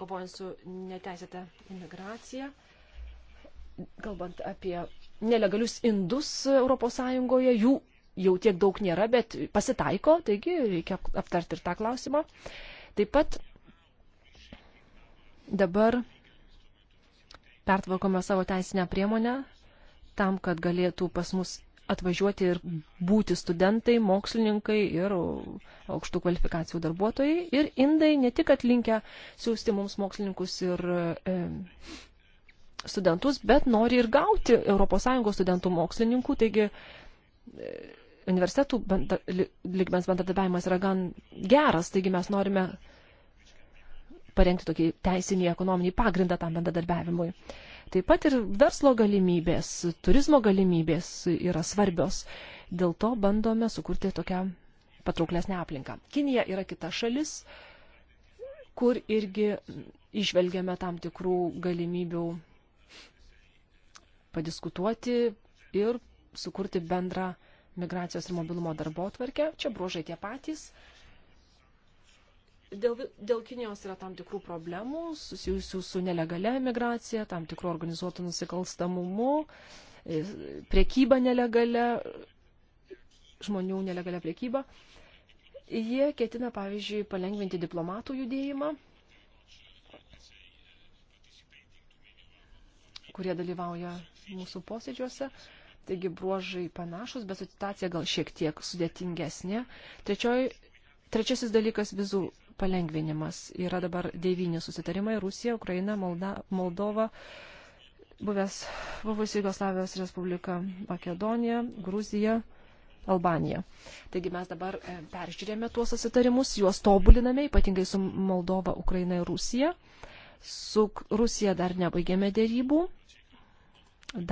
kovojant su neteisėta imigracija, kalbant apie nelegalius indus ES, jų jau tiek daug nėra, bet pasitaiko, taigi reikia aptarti ir tą klausimą. Taip pat dabar pertvarkome savo teisinę priemonę tam, kad galėtų pas mus atvažiuoti ir būti studentai, mokslininkai ir aukštų kvalifikacijų darbuotojai. Ir indai ne tik atlinkę siūsti mums mokslininkus ir e, studentus, bet nori ir gauti ES studentų mokslininkų. Taigi e, universitetų benda, lygmens bendradarbiavimas yra gan geras, taigi mes norime parengti tokį teisinį ekonominį pagrindą tam bendradarbiavimui. E, Taip pat ir verslo galimybės, turizmo galimybės yra svarbios. Dėl to bandome sukurti tokią patrauklesnę aplinką. Kinija yra kita šalis, kur irgi išvelgiame tam tikrų galimybių padiskutuoti ir sukurti bendrą migracijos ir mobilumo darbo atvarkę. Čia bruožai tie patys. Dėl, dėl Kinijos yra tam tikrų problemų susijusių su nelegalia migracija, tam tikrų organizuotų nusikalstamumu, e, priekyba nelegalia, žmonių nelegalia priekyba. Jie ketina, pavyzdžiui, palengvinti diplomatų judėjimą, kurie dalyvauja mūsų posėdžiuose. Taigi bruožai panašus, bet situacija gal šiek tiek sudėtingesnė. Trečioj, trečiasis dalykas - vizų palengvinimas. Yra dabar devyni susitarimai - Rusija, Ukraina, Molda, Moldova, buvęs, buvusi Jugoslavijos Respublika, Makedonija, Gruzija, Albanija. Taigi mes dabar e, peržiūrėjome tuos susitarimus, juos tobuliname, ypatingai su Moldova, Ukraina ir Rusija. Su Rusija dar nebaigėme dėrybų,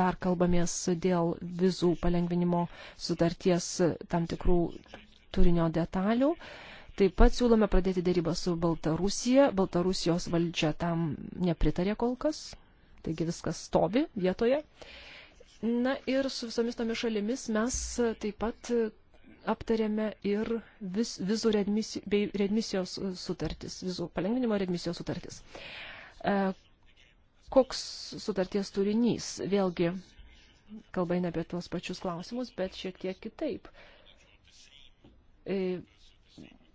dar kalbamės dėl vizų palengvinimo sutarties tam tikrų turinio detalių. Taip pat siūlome pradėti dėrybą su Baltarusija. Baltarusijos valdžia tam nepritarė kol kas, taigi viskas stovi vietoje. Na ir su visomis tomis šalimis mes taip pat aptarėme ir vis, vizų redmisi, bei redmisijos sutartis, vizų palengvinimo redmisijos sutartis. E, koks sutarties turinys? Vėlgi, kalba eina apie tuos pačius klausimus, bet šiek tiek kitaip. E,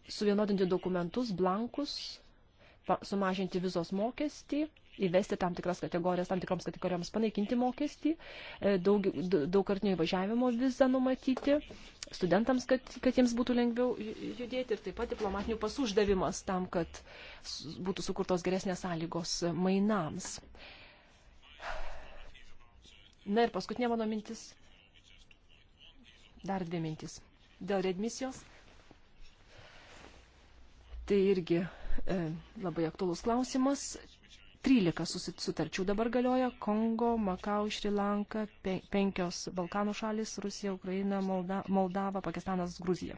suvienodinti dokumentus, blankus, sumažinti vizos mokestį, įvesti tam tikras kategorijas, tam tikroms kategorijoms panaikinti mokestį, e, daug, daugkartinio įvažiavimo vizą numatyti, studentams, kad, kad jiems būtų lengviau judėti ir taip pat diplomatinių pasų uždavimas tam, kad būtų sukurtos geresnės sąlygos mainams. Na ir paskutinė mano mintis. Dar dvi mintis. Dėl redmisijos Tai irgi e, labai aktuolus klausimas. 13 sutarčių dabar galioja - Kongo, Makau, Šrilanka, pe, penkios Balkanų šalis - Rusija, Ukraina, Molda, Moldava, Pakistanas, Gruzija.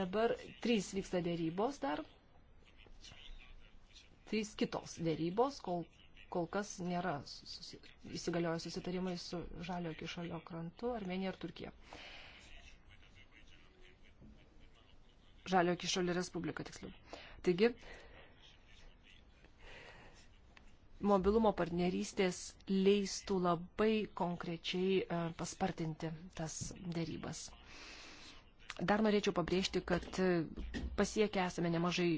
Dabar trys vyksta dėrybos dar. Trys kitos dėrybos, kol, kol kas nėra susi, įsigalioję susitarimai su Žalio Kišalio krantu, Armenija ir Turkija. Uh, Žalio kišolį Respubliką, tiksliau. Taigi, mobilumo partnerystės leistų labai konkrečiai e, paspartinti tas dėrybas. Dar norėčiau pabrėžti, kad e, pasiekę esame nemažai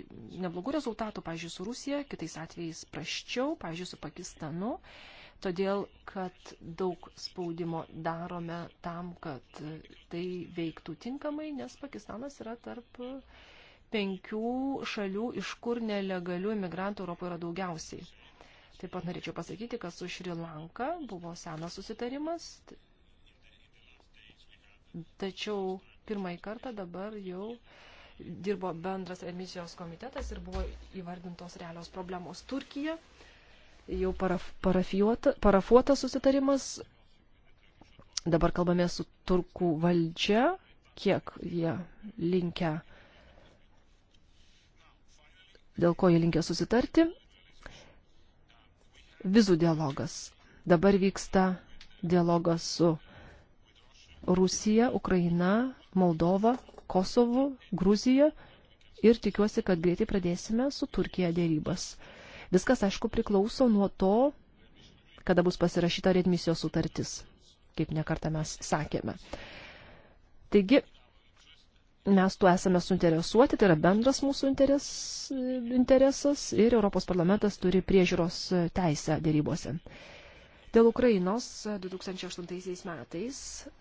neblogų rezultatų, pavyzdžiui, su Rusija, kitais atvejais praščiau, pavyzdžiui, su Pakistanu. No? todėl kad daug spaudimo darome tam, kad tai veiktų tinkamai, nes Pakistanas yra tarp penkių šalių, iš kur nelegalių imigrantų Europoje yra daugiausiai. Taip pat norėčiau pasakyti, kad su Šri Lanka buvo senas susitarimas, tačiau pirmąjį kartą dabar jau dirbo bendras emisijos komitetas ir buvo įvardintos realios problemos Turkija. Uh, jau paraf, parafuotas susitarimas. Dabar kalbame su turkų valdžia, kiek jie linkia, dėl ko jie linkia susitarti. Vizų dialogas. Dabar vyksta dialogas su Rusija, Ukraina, Moldova, Kosovu, Gruzija ir tikiuosi, kad greitai pradėsime su Turkija dėrybas. Viskas, aišku, priklauso nuo to, kada bus pasirašyta redmisijos sutartis, kaip nekartą mes sakėme. Taigi, mes tuo esame suinteresuoti, tai yra bendras mūsų interes, interesas ir Europos parlamentas turi priežiūros teisę dėrybose. Dėl Ukrainos 2008 metais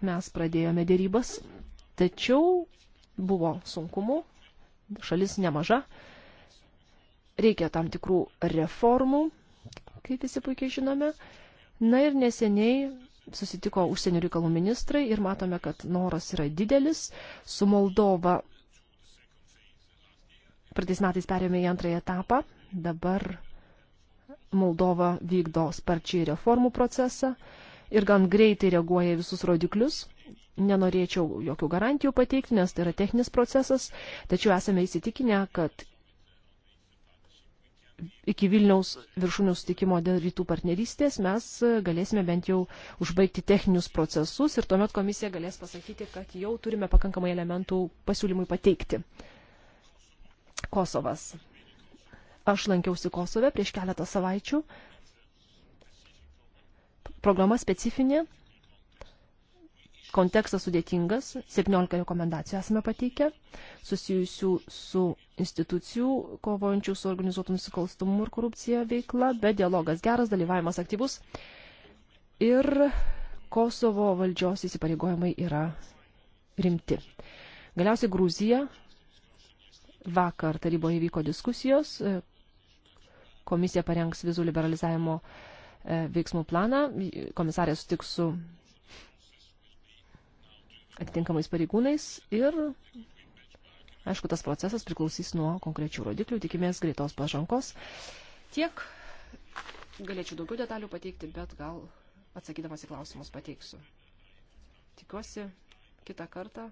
mes pradėjome dėrybas, tačiau buvo sunkumų, šalis nemaža, reikia tam tikrų reformų, kaip visi puikiai žinome. Na ir neseniai susitiko užsienio reikalų ministrai ir matome, kad noras yra didelis. Su Moldova praeitais metais perėmė į antrąją etapą. Dabar Moldova vykdo sparčiai reformų procesą ir gan greitai reaguoja visus rodiklius. Nenorėčiau jokių garantijų pateikti, nes tai yra techninis procesas, tačiau esame įsitikinę, kad iki Vilniaus viršūnių sutikimo dėl rytų partnerystės mes e, galėsime bent jau užbaigti techninius procesus ir tuomet komisija galės pasakyti, kad jau turime pakankamai elementų pasiūlymui pateikti. Kosovas. Aš lankiausi Kosove prieš keletą savaičių. Programa specifinė, Kontekstas sudėtingas, 17 rekomendacijų esame pateikę, susijusių su institucijų kovojančių su organizuotų nusikalstumų ir korupcija veikla, bet dialogas geras, dalyvavimas aktyvus ir Kosovo valdžios įsipareigojimai yra rimti. Galiausiai Gruzija. Vakar taryboje vyko diskusijos, komisija parengs vizų liberalizavimo e, veiksmų planą, komisarė sutiks su atitinkamais pareigūnais ir, aišku, tas procesas priklausys nuo konkrečių rodiklių, tikimės greitos pažangos. Tiek galėčiau daugiau detalių pateikti, bet gal atsakydamas į klausimus pateiksiu. Tikiuosi, kitą kartą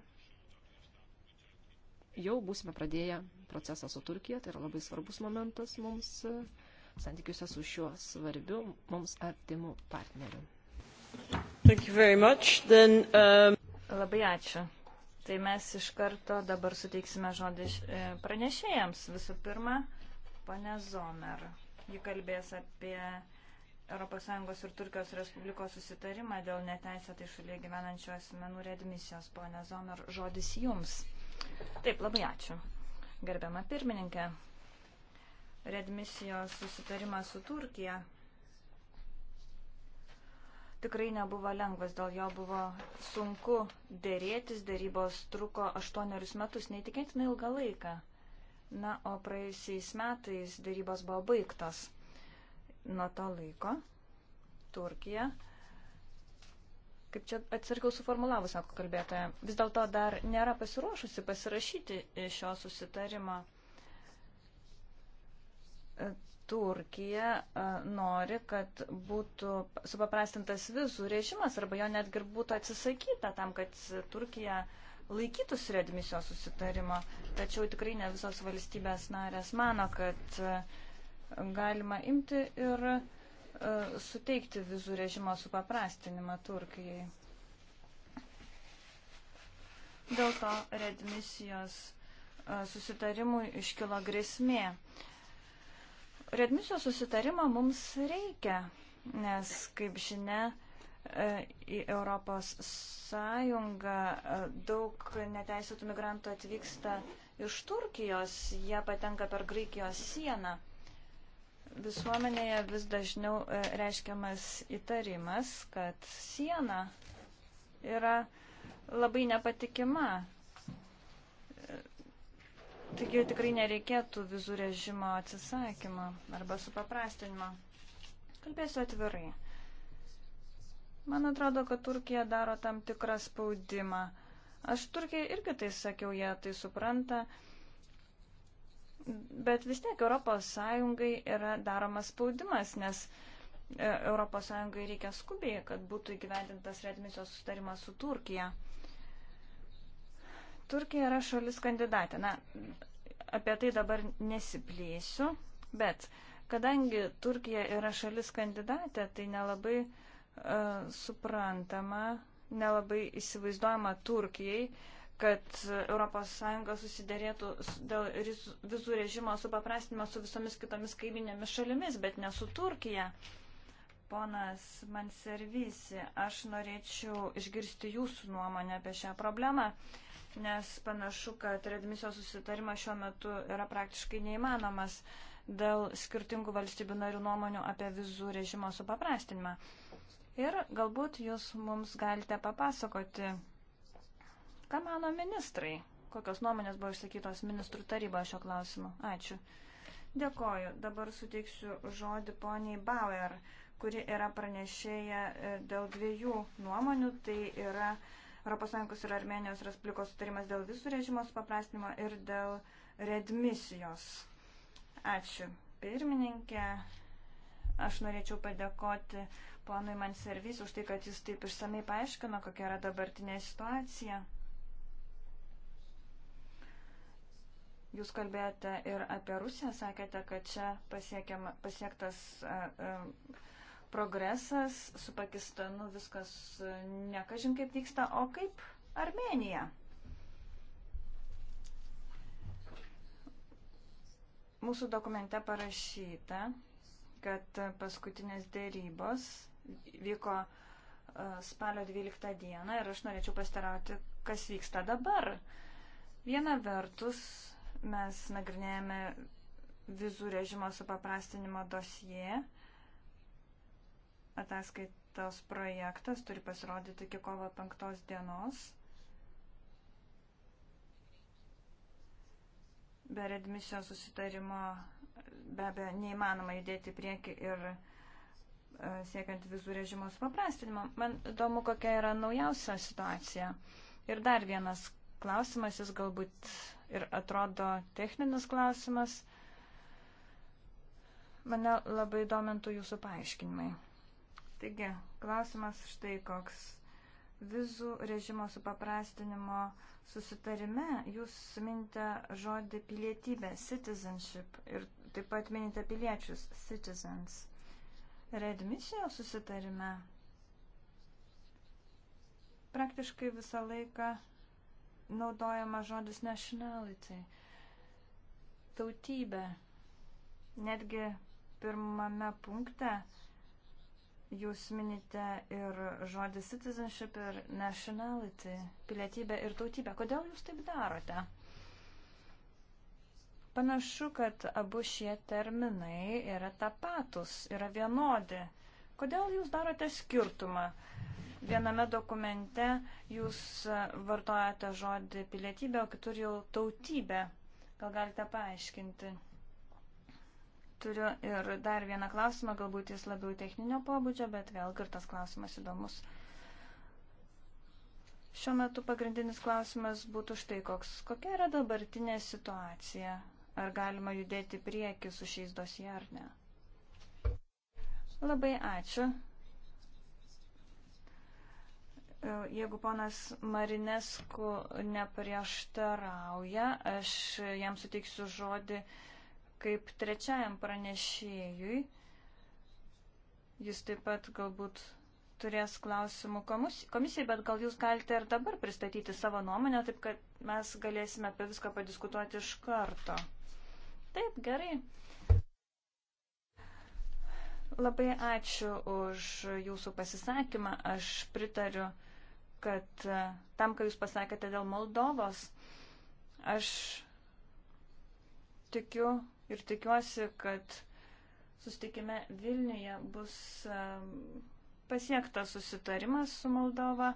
jau būsime pradėję procesą su Turkija, tai yra labai svarbus momentas mums e, santykiuose su šiuo svarbiu mums artimu partneriu. Then, um... Labai ačiū. Tai mes iš karto dabar suteiksime žodį e, pranešėjams. Visų pirma, ponė Zomer. Ji kalbės apie ES ir Turkijos Respublikos susitarimą dėl neteisėtai šalyje gyvenančių asmenų redmisijos. Pone Zomer, žodis jums. Taip, labai ačiū. Gerbiama pirmininkė, redmisijos susitarimas su Turkija tikrai nebuvo lengvas, dėl jo buvo sunku dėrėtis, dėrybos truko aštuonerius metus, neįtikėtinai ilgą laiką. Na, o praėjusiais metais dėrybos buvo baigtos. Nuo to laiko Turkija, kaip čia atsirkiau suformulavus, sako kalbėtoja, vis dėlto dar nėra pasiruošusi pasirašyti šio susitarimo Turkija nori, kad būtų supaprastintas vizų režimas arba jo netgi būtų atsisakyta tam, kad Turkija laikytųsi redmisijos susitarimo. Tačiau tikrai ne visos valstybės narės mano, kad galima imti ir suteikti vizų režimo supaprastinimą Turkijai. Dėl to redmisijos susitarimui iškilo grėsmė. Uh, Redmisio susitarimo mums reikia, nes, kaip žinia, e, į Europos Sąjungą e, daug neteisėtų migrantų atvyksta iš Turkijos, jie patenka per Graikijos sieną. Visuomenėje vis dažniau e, reiškiamas įtarimas, kad siena yra labai nepatikima. Taigi tikrai nereikėtų vizų režimo atsisakymą arba supaprastinimą. Kalbėsiu atvirai. Man atrodo, kad Turkija daro tam tikrą spaudimą. Aš Turkijai irgi tai sakiau, jie tai supranta. Bet vis tiek ES yra daromas spaudimas, nes ES reikia skubiai, kad būtų įgyvendintas redmisijos sustarimas su Turkija. Turkija yra šalis kandidatė. Na, apie tai dabar nesiplėsiu, bet kadangi Turkija yra šalis kandidatė, tai nelabai uh, suprantama, nelabai įsivaizduojama Turkijai, kad ES susidėrėtų dėl vizų režimo supaprastinimo su visomis kitomis kaiminėmis šalimis, bet ne su Turkija. Ponas Manservisi, aš norėčiau išgirsti jūsų nuomonę apie šią problemą. Uh, nes panašu, kad redmisijos susitarimas šiuo metu yra praktiškai neįmanomas dėl skirtingų valstybių narių nuomonių apie vizų režimo supaprastinimą. Ir galbūt jūs mums galite papasakoti, ką mano ministrai, kokios nuomonės buvo išsakytos ministrų taryboje šio klausimu. Ačiū. Dėkoju. Dabar suteiksiu žodį poniai Bauer, kuri yra pranešėja e, dėl dviejų nuomonių. Tai yra uh, ES ir Armenijos Respublikos sutarimas dėl visų režimo supaprastinimo ir dėl redmisijos. Ačiū, pirmininkė. Aš norėčiau padėkoti ponui man servis už tai, kad jis taip išsamei paaiškino, kokia yra dabartinė situacija. Jūs kalbėjote ir apie Rusiją, sakėte, kad čia pasiektas. Uh, uh, progresas, su Pakistanu viskas e, nekažin kaip vyksta, o kaip Armenija. Mūsų dokumente parašyta, kad paskutinės dėrybos vyko e, spalio 12 dieną ir aš norėčiau pastarauti, kas vyksta dabar. Viena vertus, mes nagrinėjame vizų režimo supaprastinimo dosiją Ataskaitos projektas turi pasirodyti iki kovo 5 dienos. Be redmisijos susitarimo be abejo neįmanoma judėti prieki ir e, siekiant vizų režimo supaprastinimo. Man įdomu, kokia yra naujausia situacija. Ir dar vienas klausimas, jis galbūt ir atrodo techninis klausimas. Mane labai domintų jūsų paaiškinimai. Taigi, klausimas štai koks. Vizų režimo supaprastinimo susitarime jūs minite žodį pilietybė, citizenship, ir taip pat minite piliečius, citizens. Redmisijos susitarime praktiškai visą laiką naudojama žodis nationality, tautybė. Netgi pirmame punkte Jūs minite ir žodį citizenship ir nationality, pilietybę ir tautybę. Kodėl jūs taip darote? Panašu, kad abu šie terminai yra tapatus, yra vienodi. Kodėl jūs darote skirtumą? viename dokumente jūs vartojate žodį pilietybė, o kitur jau tautybė. Gal galite paaiškinti? Turiu ir dar vieną klausimą, galbūt jis labiau techninio pobūdžio, bet vėlgi ir tas klausimas įdomus. Šiuo metu pagrindinis klausimas būtų štai koks. Kokia yra dabartinė situacija? Ar galima judėti prieki su šiais dosija ar ne? Labai ačiū. Jeigu ponas Marinesku neprieštarauja, aš jam suteiksiu žodį uh, kaip trečiajam pranešėjui. Jis taip pat galbūt turės klausimų komisijai, bet gal jūs galite ir dabar pristatyti savo nuomonę, taip kad mes galėsime apie viską padiskutuoti iš karto. Taip, gerai. Labai ačiū už jūsų pasisakymą. Aš pritariu, kad tam, ką jūs pasakėte dėl Moldovos, aš tikiu, ir tikiuosi, kad sustikime Vilniuje bus pasiektas susitarimas su Moldova.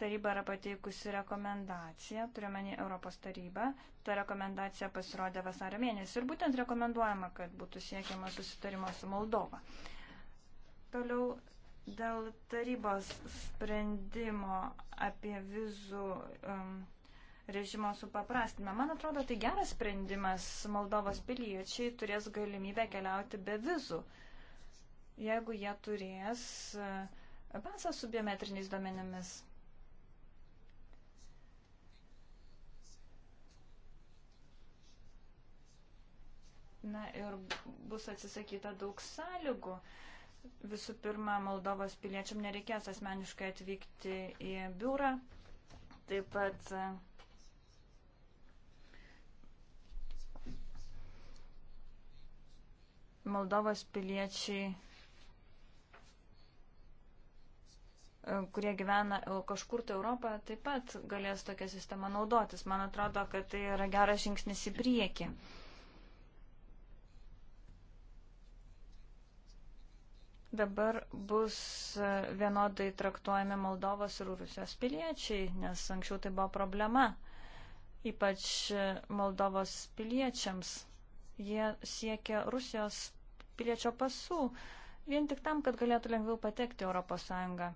Taryba yra pateikusi rekomendaciją, turiuomenį Europos tarybą. Ta rekomendacija pasirodė vasario mėnesį ir būtent rekomenduojama, kad būtų siekiama susitarimo su Moldova. Toliau dėl tarybos sprendimo apie vizų um, režimo supaprastinimą. Man atrodo, tai geras sprendimas. Moldovos piliečiai turės galimybę keliauti be vizų. Jeigu jie turės e, pasą su biometriniais duomenimis. Na ir bus atsisakyta daug sąlygų. Visų pirma, Moldovos piliečiam nereikės asmeniškai atvykti į biurą. Taip pat e, Moldovos piliečiai, e, kurie gyvena e, kažkur tai Europoje, taip pat galės tokią sistemą naudotis. Man atrodo, kad tai yra geras žingsnis į priekį. Dabar bus e, vienodai traktuojami Moldovos ir Rusijos piliečiai, nes anksčiau tai buvo problema, ypač Moldovos piliečiams. Jie siekia Rusijos piliečio pasų vien tik tam, kad galėtų lengviau patekti Europos Sąjungą.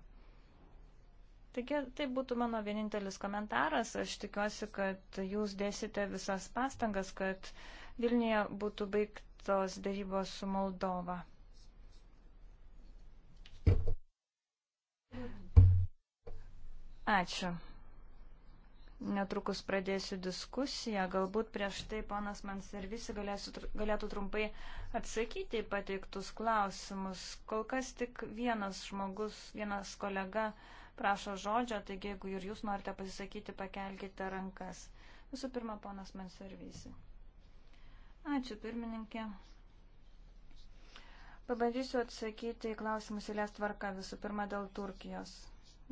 Taigi, tai būtų mano vienintelis komentaras. Aš tikiuosi, kad jūs dėsite visas pastangas, kad Vilniuje būtų baigtos darybos su Moldova. Ačiū netrukus pradėsiu diskusiją. Galbūt prieš tai ponas man servisi galėsiu, galėtų trumpai atsakyti į pateiktus klausimus. Kol kas tik vienas žmogus, vienas kolega prašo žodžio, taigi jeigu ir jūs norite pasisakyti, pakelkite rankas. Visų pirma, ponas man servisi. Ačiū, pirmininkė. Pabandysiu atsakyti į klausimus įlės tvarka visų pirma dėl Turkijos.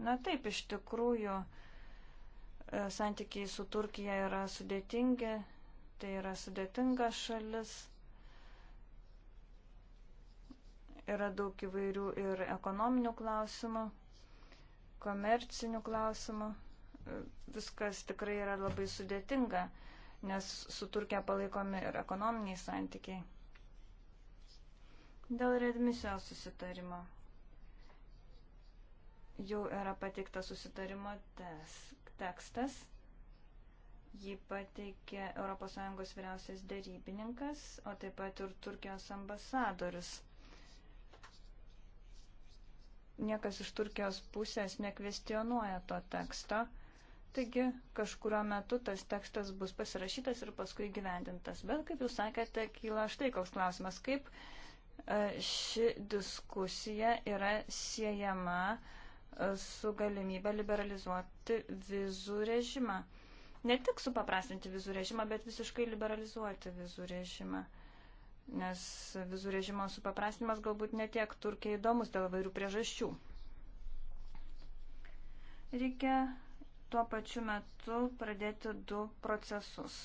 Na taip, iš tikrųjų. Uh, santykiai su Turkija yra sudėtingi, tai yra sudėtinga šalis. Yra daug įvairių ir ekonominių klausimų, komercinių klausimų. Viskas tikrai yra labai sudėtinga, nes su Turkija palaikomi ir ekonominiai santykiai. Dėl redmisijos susitarimo. Jau yra pateikta susitarimo tes, tekstas. Jį pateikė ES vyriausias dėrybininkas, o taip pat ir Turkijos ambasadorius. Niekas iš Turkijos pusės nekvestionuoja to teksto. Taigi kažkurio metu tas tekstas bus pasirašytas ir paskui gyvendintas. Bet, kaip jūs sakėte, kyla štai koks klausimas, kaip e, ši diskusija yra siejama uh, su galimybė liberalizuoti vizų režimą. Ne tik supaprastinti vizų režimą, bet visiškai liberalizuoti vizų režimą. Nes vizų režimo supaprastinimas galbūt netiek Turkijai įdomus dėl vairių priežasčių. Reikia tuo pačiu metu pradėti du procesus.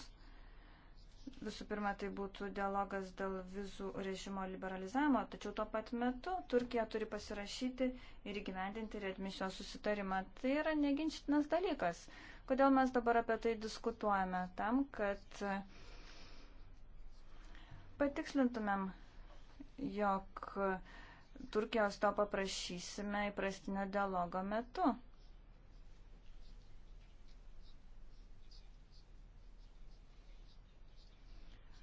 Visų pirma, tai būtų dialogas dėl vizų režimo liberalizavimo, tačiau tuo pat metu Turkija turi pasirašyti ir įgyvendinti readmisijos susitarimą. Tai yra neginčitinas dalykas. Kodėl mes dabar apie tai diskutuojame? Tam, kad patikslintumėm, jog Turkijos to paprašysime įprastinio dialogo metu.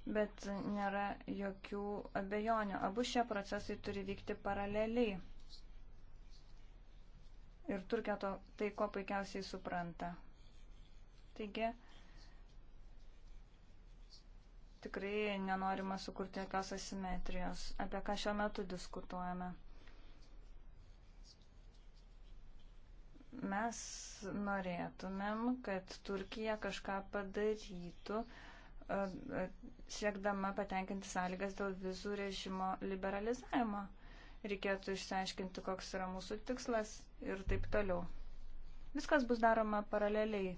bet nėra jokių abejonių. Abu šie procesai turi vykti paraleliai. Ir Turkija to tai ko puikiausiai supranta. Taigi, tikrai nenorima sukurti jokios asimetrijos, apie ką šiuo metu diskutuojame. Mes norėtumėm, kad Turkija kažką padarytų, siekdama patenkinti sąlygas dėl vizų režimo liberalizavimo. Reikėtų išsiaiškinti, koks yra mūsų tikslas ir taip toliau. Viskas bus daroma paraleliai.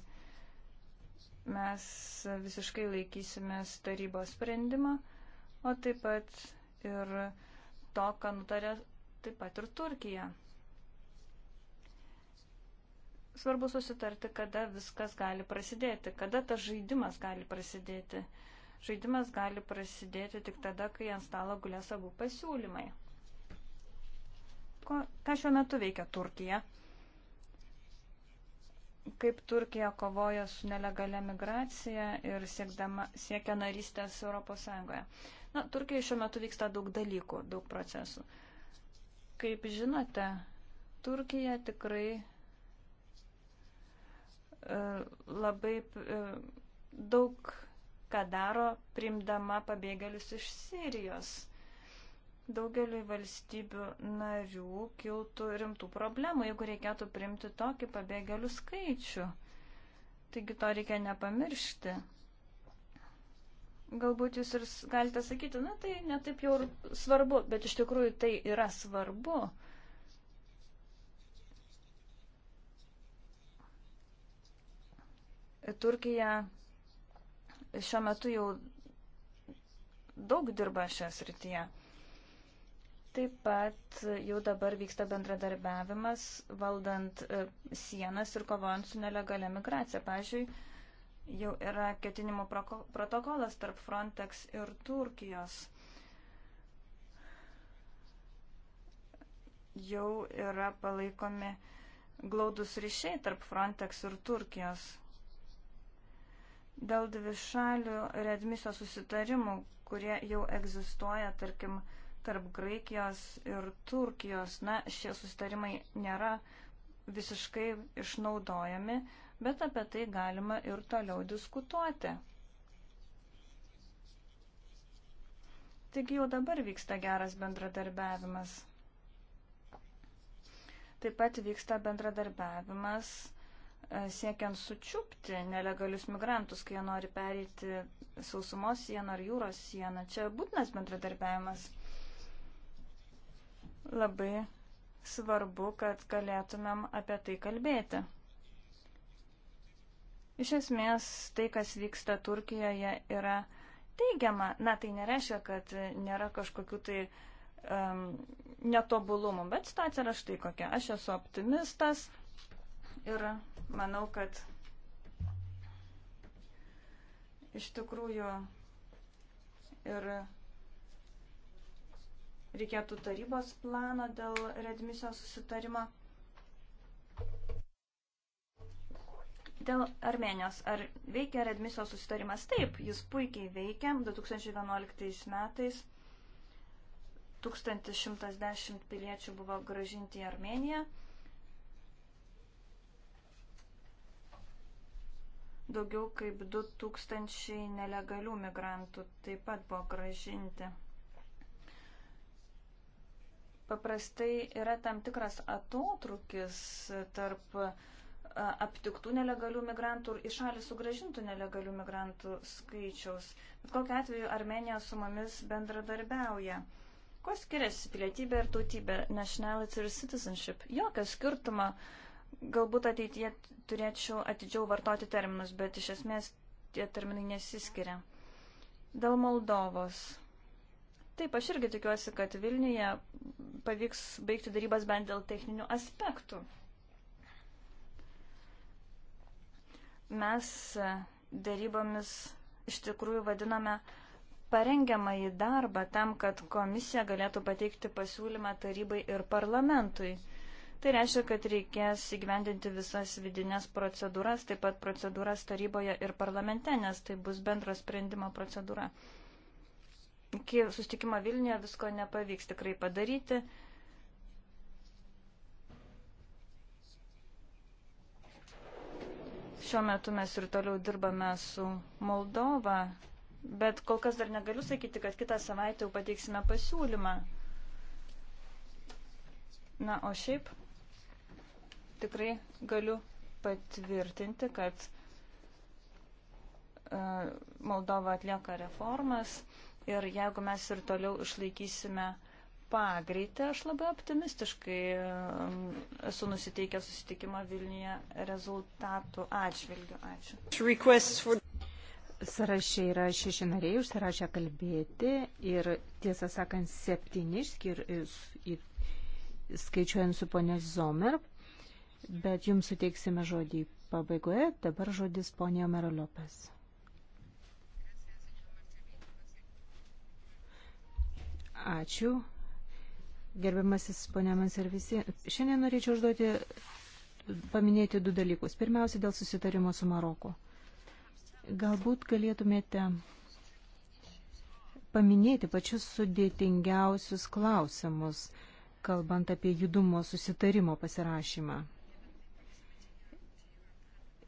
Mes visiškai laikysimės tarybos sprendimą, o taip pat ir to, ką nutarė taip pat ir Turkija. Svarbu susitarti, kada viskas gali prasidėti, kada tas žaidimas gali prasidėti. Žaidimas gali prasidėti tik tada, kai ant stalo gulės abu pasiūlymai. Ko, ką šiuo metu veikia Turkija? Kaip Turkija kovoja su nelegalia migracija ir siekdama, siekia narystės Europos Sąjungoje? Na, Turkijoje šiuo metu vyksta daug dalykų, daug procesų. Kaip žinote, Turkija tikrai labai e, daug ką daro primdama pabėgėlius iš Sirijos. Daugeliui valstybių narių kiltų rimtų problemų, jeigu reikėtų primti tokį pabėgėlių skaičių. Taigi to reikia nepamiršti. Galbūt jūs ir galite sakyti, na tai netaip jau svarbu, bet iš tikrųjų tai yra svarbu. Uh, Turkija šiuo metu jau daug dirba šią srityje. Taip pat jau dabar vyksta bendradarbiavimas valdant e, sienas ir kovojant su nelegalia migracija. Pavyzdžiui, jau yra ketinimų protokolas tarp Frontex ir Turkijos. Jau yra palaikomi glaudus ryšiai tarp Frontex ir Turkijos dėl dvišalių redmisio susitarimų, kurie jau egzistuoja, tarkim, tarp Graikijos ir Turkijos. Na, šie susitarimai nėra visiškai išnaudojami, bet apie tai galima ir toliau diskutuoti. Taigi jau dabar vyksta geras bendradarbiavimas. Taip pat vyksta bendradarbiavimas E, siekiant sučiupti nelegalius migrantus, kai jie nori pereiti sausumos sieną ar jūros sieną. Čia būtinas bendradarbiavimas. Labai svarbu, kad galėtumėm apie tai kalbėti. Iš esmės, tai, kas vyksta Turkijoje, yra teigiama. Na, tai nereiškia, kad nėra kažkokių tai um, netobulumų, bet situacija yra štai kokia. Aš esu optimistas, Ir manau, kad iš tikrųjų ir reikėtų tarybos plano dėl redmisijos susitarimo. Dėl Armenijos. Ar veikia redmisijos susitarimas? Taip, jis puikiai veikia. 2011 metais 1110 piliečių buvo gražinti į Armeniją. Daugiau kaip 2000 nelegalių migrantų taip pat buvo gražinti. Paprastai yra tam tikras atotrukis tarp aptiktų nelegalių migrantų ir į šalį sugražintų nelegalių migrantų skaičiaus. Bet kokiu atveju Armenija su mumis bendradarbiauja. Kuo skiriasi pilietybė ir tautybė? Nationality ir citizenship. Jokio skirtumo. Uh, Galbūt ateityje turėčiau atidžiau vartoti terminus, bet iš esmės tie terminai nesiskiria. Dėl Moldovos. Taip, aš irgi tikiuosi, kad Vilniuje pavyks baigti darybas bent dėl techninių aspektų. Mes darybomis iš tikrųjų vadiname parengiamąjį darbą tam, kad komisija galėtų pateikti pasiūlymą tarybai ir parlamentui. Tai reiškia, kad reikės įgyvendinti visas vidinės procedūras, taip pat procedūras taryboje ir parlamente, nes tai bus bendro sprendimo procedūra. Iki sustikimo Vilniuje visko nepavyks tikrai padaryti. Šiuo metu mes ir toliau dirbame su Moldova, bet kol kas dar negaliu sakyti, kad kitą savaitę jau pateiksime pasiūlymą. Na, o šiaip tikrai galiu patvirtinti, kad e, Moldova atlieka reformas ir jeigu mes ir toliau išlaikysime pagreitį, aš labai optimistiškai e, esu nusiteikę susitikimą Vilniuje rezultatų atžvilgių. Ačiū. Sarašė yra šeši nariai užsirašę kalbėti ir tiesą sakant septyni išskir, skaičiuojant su ponė Zomer, bet jums suteiksime žodį pabaigoje. Dabar žodis ponė Omero Lopes. Ačiū. Gerbiamasis ponė Mans ir visi. Šiandien norėčiau užduoti, paminėti du dalykus. Pirmiausia, dėl susitarimo su Maroku. Galbūt galėtumėte paminėti pačius sudėtingiausius klausimus, kalbant apie judumo susitarimo pasirašymą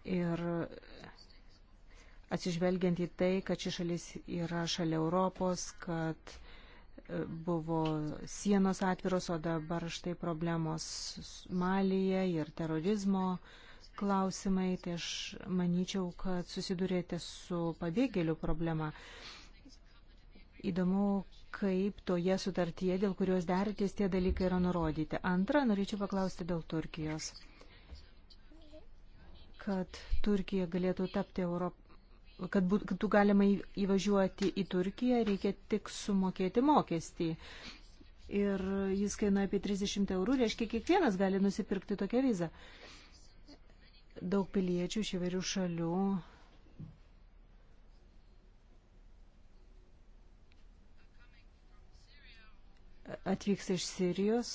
ir atsižvelgiant į tai, kad ši šalis yra šalia Europos, kad e, buvo sienos atviros, o dabar štai problemos Malyje ir terorizmo klausimai, tai aš manyčiau, kad susidurėte su pabėgėlių problema. Įdomu, kaip toje sutartyje, dėl kurios derėtės tie dalykai yra nurodyti. Antra, norėčiau paklausti dėl Turkijos kad Turkija galėtų tapti Europą. Kad būtų galima įvažiuoti į Turkiją, reikia tik sumokėti mokestį. Ir jis kainuoja apie 30 eurų, reiškia, kiekvienas gali nusipirkti tokią vizą. Daug piliečių iš įvairių šalių atvyksta iš Sirijos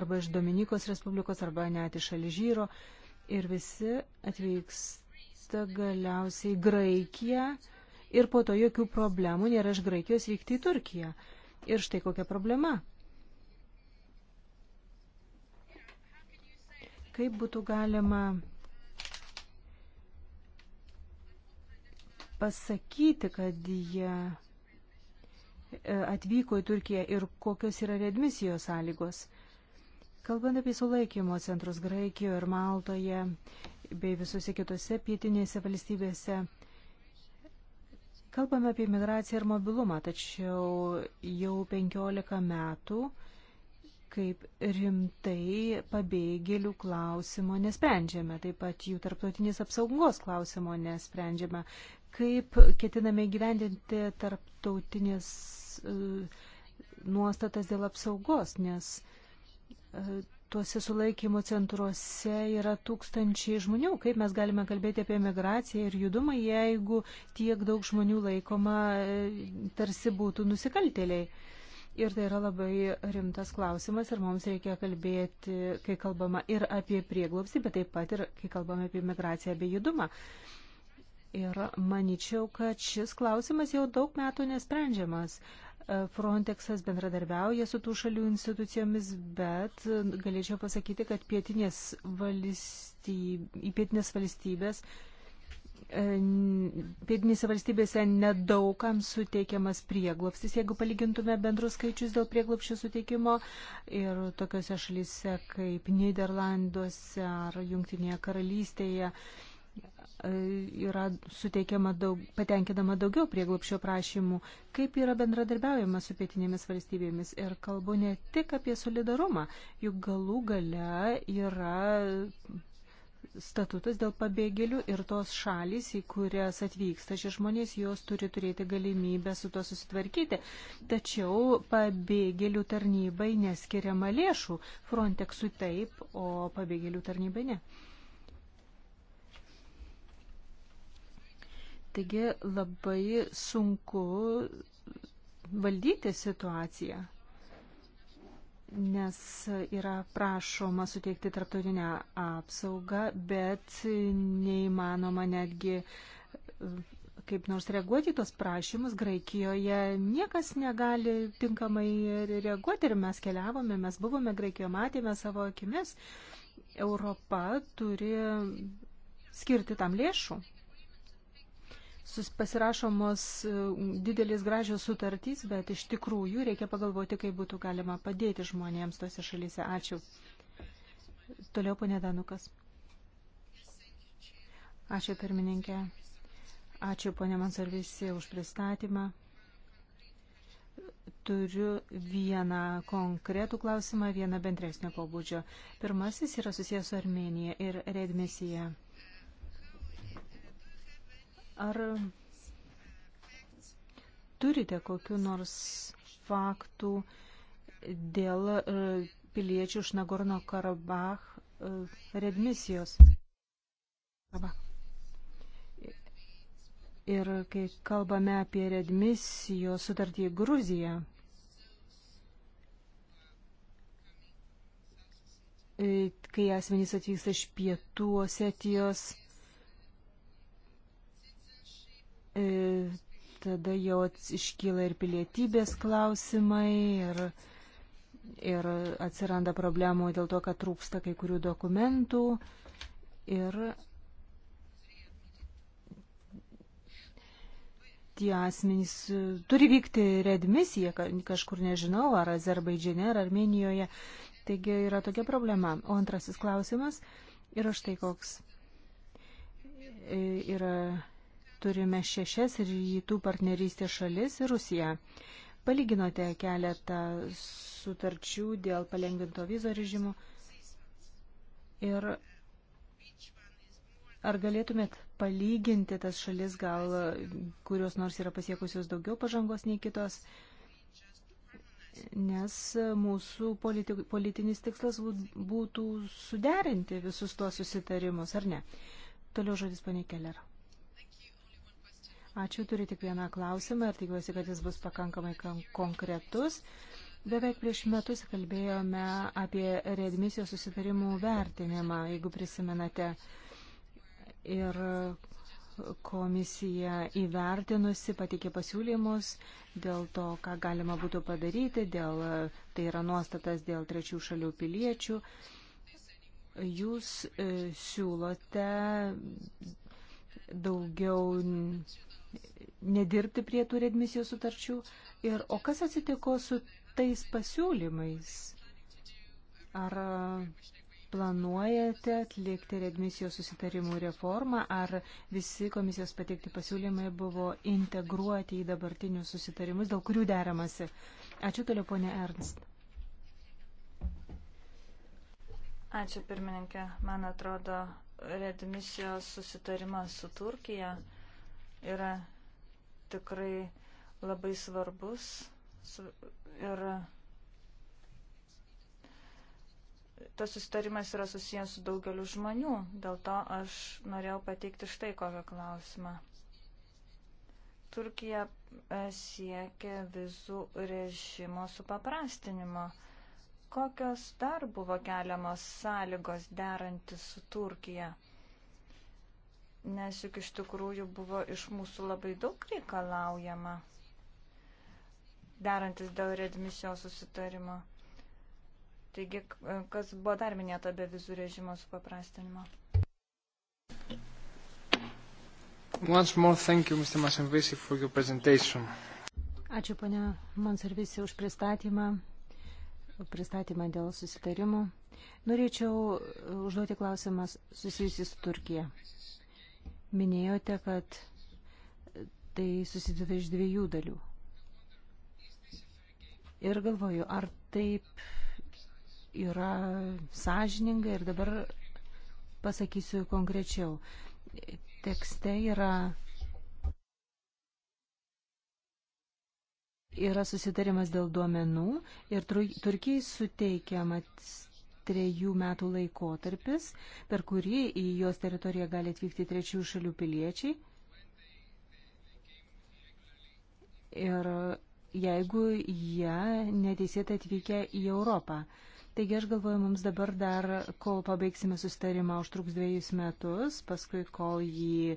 arba iš Dominikos Respublikos arba net iš Alžyro ir visi atvyksta galiausiai Graikiją ir po to jokių problemų nėra iš Graikijos vykti į Turkiją. Ir štai kokia problema. Kaip būtų galima pasakyti, kad jie e, atvyko į Turkiją ir kokios yra redmisijos sąlygos? Kalbant apie sulaikymo centrus Graikijoje ir Maltoje bei visose kitose pietinėse valstybėse, kalbame apie migraciją ir mobilumą, tačiau jau 15 metų kaip rimtai pabėgėlių klausimo nesprendžiame, taip pat jų tarptautinės apsaugos klausimo nesprendžiame. Kaip ketiname gyvendinti tarptautinės uh, nuostatas dėl apsaugos, nes uh, tuose sulaikymo centruose yra tūkstančiai žmonių. Kaip mes galime kalbėti apie migraciją ir judumą, jeigu tiek daug žmonių laikoma e, tarsi būtų nusikaltėliai? Ir tai yra labai rimtas klausimas ir mums reikia kalbėti, kai kalbama ir apie prieglobstį, bet taip pat ir kai kalbame apie migraciją bei judumą. Ir manyčiau, kad šis klausimas jau daug metų nesprendžiamas. Uh, Frontexas bendradarbiauja su tų šalių institucijomis, bet galėčiau pasakyti, kad pietinės valstybės, į pietinės valstybės e, pietinėse valstybėse nedaugam suteikiamas prieglopstis, jeigu palygintume bendrus skaičius dėl prieglopščių suteikimo ir tokiuose šalyse kaip Niderlanduose ar Junktinėje karalystėje yra suteikiama daug, patenkinama daugiau prieglopšio prašymų, kaip yra bendradarbiaujama su pietinėmis valstybėmis. Ir kalbu ne tik apie solidarumą, juk galų gale yra statutas dėl pabėgėlių ir tos šalys, į kurias atvyksta šie žmonės, jos turi turėti galimybę su to susitvarkyti. Tačiau pabėgėlių tarnybai neskiriama lėšų. Frontexui taip, o pabėgėlių tarnybai ne. Taigi labai sunku valdyti situaciją, nes yra prašoma suteikti tarptautinę apsaugą, bet neįmanoma netgi e, kaip nors reaguoti į tos prašymus. Graikijoje niekas negali tinkamai reaguoti ir mes keliavome, mes buvome Graikijoje, matėme savo akimis. Europa turi skirti tam lėšų pasirašomos e, didelės gražios sutartys, bet iš tikrųjų reikia pagalvoti, kaip būtų galima padėti žmonėms tose šalyse. Ačiū. Toliau ponė Danukas. Ačiū pirmininkė. Ačiū ponė Mansarvisi už pristatymą. Turiu vieną konkretų klausimą, vieną bendresnio pobūdžio. Pirmasis yra susijęs su Armenija ir redmisija. Ar turite kokiu nors faktų dėl e, piliečių iš Nagorno Karabach e, redmisijos? Ir kai kalbame apie redmisijos sutartį Gruziją, e, kai asmenys atvyksta iš pietų Osetijos, E, tada jau iškyla ir pilietybės klausimai, ir, ir atsiranda problemų dėl to, kad trūksta kai kurių dokumentų. Ir tie asmenys e, turi vykti redmisiją kažkur, nežinau, ar Azerbaidžiane, ar Armenijoje. Taigi yra tokia problema. O antrasis klausimas yra štai koks. E, yra turime šešias rytų partnerystės šalis ir Rusiją. Palyginote keletą sutarčių dėl palengvinto vizo režimo. Ir ar galėtumėt palyginti tas šalis, gal kurios nors yra pasiekusios daugiau pažangos nei kitos? Nes mūsų politi politinis tikslas būtų suderinti visus tuos susitarimus, ar ne? Toliau žodis panė Keller. Ačiū, turiu tik vieną klausimą ir tikiuosi, kad jis bus pakankamai konkretus. Beveik prieš metus kalbėjome apie readmisijos susitarimų vertinimą, jeigu prisimenate. Ir komisija įvertinusi, patikė pasiūlymus dėl to, ką galima būtų padaryti, dėl, tai yra nuostatas dėl trečių šalių piliečių. Jūs e, siūlote daugiau nedirbti prie tų redmisijos sutarčių. Ir, o kas atsitiko su tais pasiūlymais? Ar planuojate atlikti redmisijos susitarimų reformą, ar visi komisijos pateikti pasiūlymai buvo integruoti į dabartinius susitarimus, dėl kurių deramasi? Ačiū toliau, ponė Ernst. Ačiū pirmininkė. Man atrodo, redmisijos susitarimas su Turkija yra tikrai labai svarbus ir tas sustarimas yra susijęs su daugeliu žmonių, dėl to aš norėjau pateikti štai kokią klausimą. Turkija e, siekia vizų režimo supaprastinimo. Kokios dar buvo keliamos sąlygos derantis su Turkija? nes juk iš tikrųjų buvo iš mūsų labai daug reikalaujama, darantis dėl redmisijos susitarimo. Taigi, kas buvo dar minėta be vizų režimo supaprastinimo? Once more, thank you, Mr. Masanvisi, for your presentation. Ačiū, ponia Monservisi, už pristatymą, pristatymą dėl susitarimų. Norėčiau e, užduoti klausimas susijusi su Turkija. Minėjote, kad tai susideda iš dviejų dalių. Ir galvoju, ar taip yra sąžininga ir dabar pasakysiu konkrečiau. Tekste yra yra susitarimas dėl duomenų ir Turkijai suteikiamas trejų metų laikotarpis, per kurį į jos teritoriją gali atvykti trečių šalių piliečiai. Ir jeigu jie neteisėtai atvykę į Europą. Taigi aš galvoju, mums dabar dar, kol pabaigsime sustarimą, užtruks dviejus metus, paskui kol jį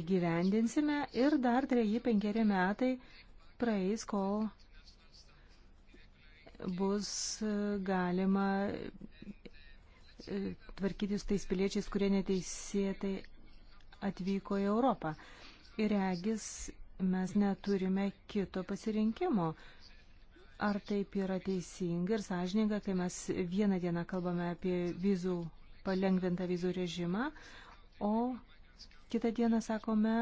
įgyvendinsime ir dar treji penkeri metai praeis, kol bus e, galima e, tvarkytis tais piliečiais, kurie neteisėtai atvyko į Europą. Ir regis mes neturime kito pasirinkimo. Ar taip yra teisinga ir sąžininga, kai mes vieną dieną kalbame apie vizų, palengvintą vizų režimą, o kitą dieną sakome,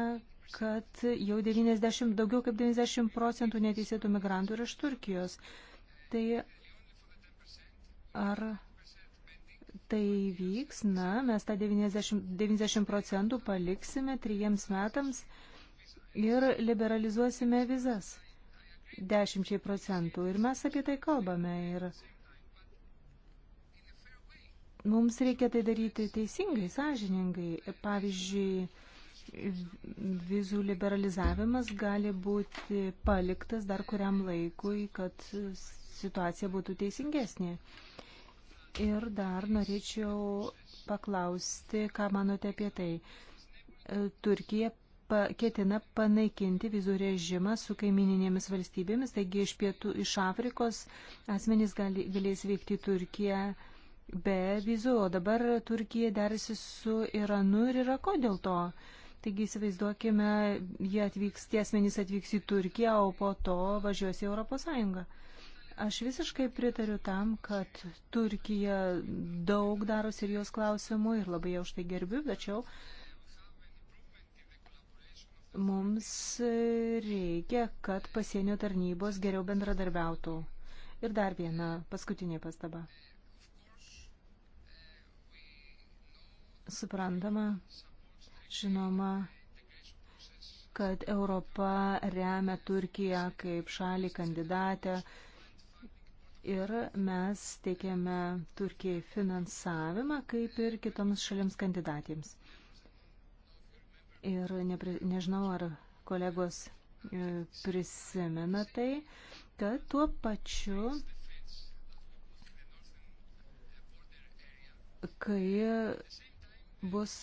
kad jau 90, daugiau kaip 90 procentų neteisėtų migrantų yra iš Turkijos. Tai ar tai vyks? Na, mes tą 90, 90 procentų paliksime trijiems metams ir liberalizuosime vizas dešimčiai procentų. Ir mes apie tai kalbame. Ir mums reikia tai daryti teisingai, sąžiningai. Pavyzdžiui, vizų liberalizavimas gali būti paliktas dar kuriam laikui, kad situacija būtų teisingesnė. Ir dar norėčiau paklausti, ką manote apie tai. E, Turkija pa, ketina panaikinti vizų režimą su kaimininėmis valstybėmis, taigi iš pietų iš Afrikos asmenys gali, galės veikti į Turkiją be vizų, o dabar Turkija derasi su Iranu ir Irako dėl to. Taigi įsivaizduokime, jie atvyks, tie asmenys atvyks į Turkiją, o po to važiuos į Europos Sąjungą. Aš visiškai pritariu tam, kad Turkija daug daro Sirijos klausimų ir labai jau štai gerbiu, tačiau mums reikia, kad pasienio tarnybos geriau bendradarbiautų. Ir dar viena paskutinė pastaba. Suprantama, žinoma, kad Europa remia Turkiją kaip šalį kandidatę ir mes teikiame Turkijai finansavimą, kaip ir kitoms šalims kandidatėms. Ir nepri, nežinau, ar kolegos e, prisimena tai, kad tuo pačiu, kai bus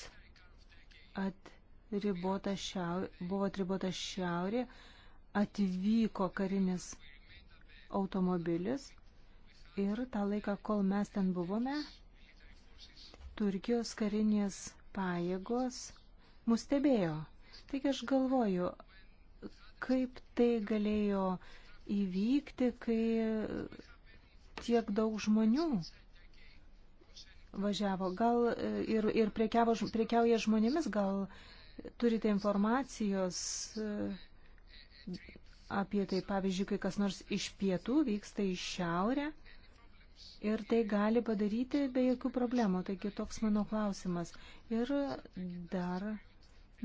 atribota šiaurė, buvo atribota šiaurė, atvyko karinis automobilis ir tą laiką, kol mes ten buvome, Turkijos karinės pajėgos mus stebėjo. Taigi aš galvoju, kaip tai galėjo įvykti, kai tiek daug žmonių važiavo. Gal e, ir, ir prekiavo, prekiauja žmonėmis, gal turite informacijos e, apie tai, pavyzdžiui, kai kas nors iš pietų vyksta į šiaurę ir tai gali padaryti be jokių problemų. Taigi toks mano klausimas. Ir dar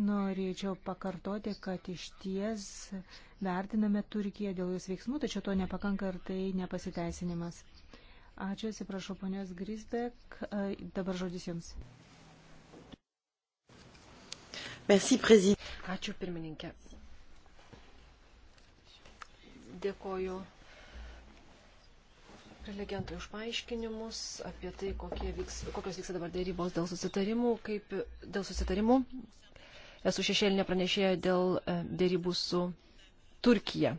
norėčiau pakartoti, kad iš ties vertiname Turkiją dėl jos veiksmų, tačiau to nepakanka ir tai nepasiteisinimas. Ačiū, atsiprašau, ponios Grisbek. Dabar žodis jums. Merci, prezident. Ačiū, pirmininkė. Dėkoju prelegentui už paaiškinimus apie tai, vyks, kokios vyksta dabar dėrybos dėl susitarimų, kaip dėl susitarimų. Esu šešėlinė pranešėja dėl e, dėrybų su Turkija.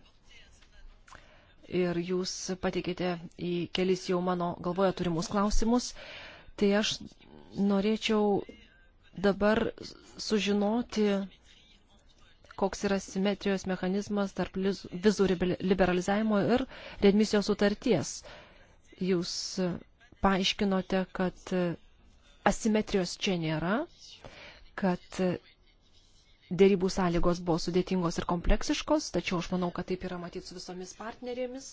Ir jūs pateikėte į kelis jau mano galvoje turimus klausimus. Tai aš norėčiau dabar sužinoti, koks yra simetrijos mechanizmas tarp vizų liberalizavimo ir redmisijos sutarties. Jūs paaiškinote, kad asimetrijos čia nėra, kad dėrybų sąlygos buvo sudėtingos ir kompleksiškos, tačiau aš manau, kad taip yra matyti su visomis partnerėmis.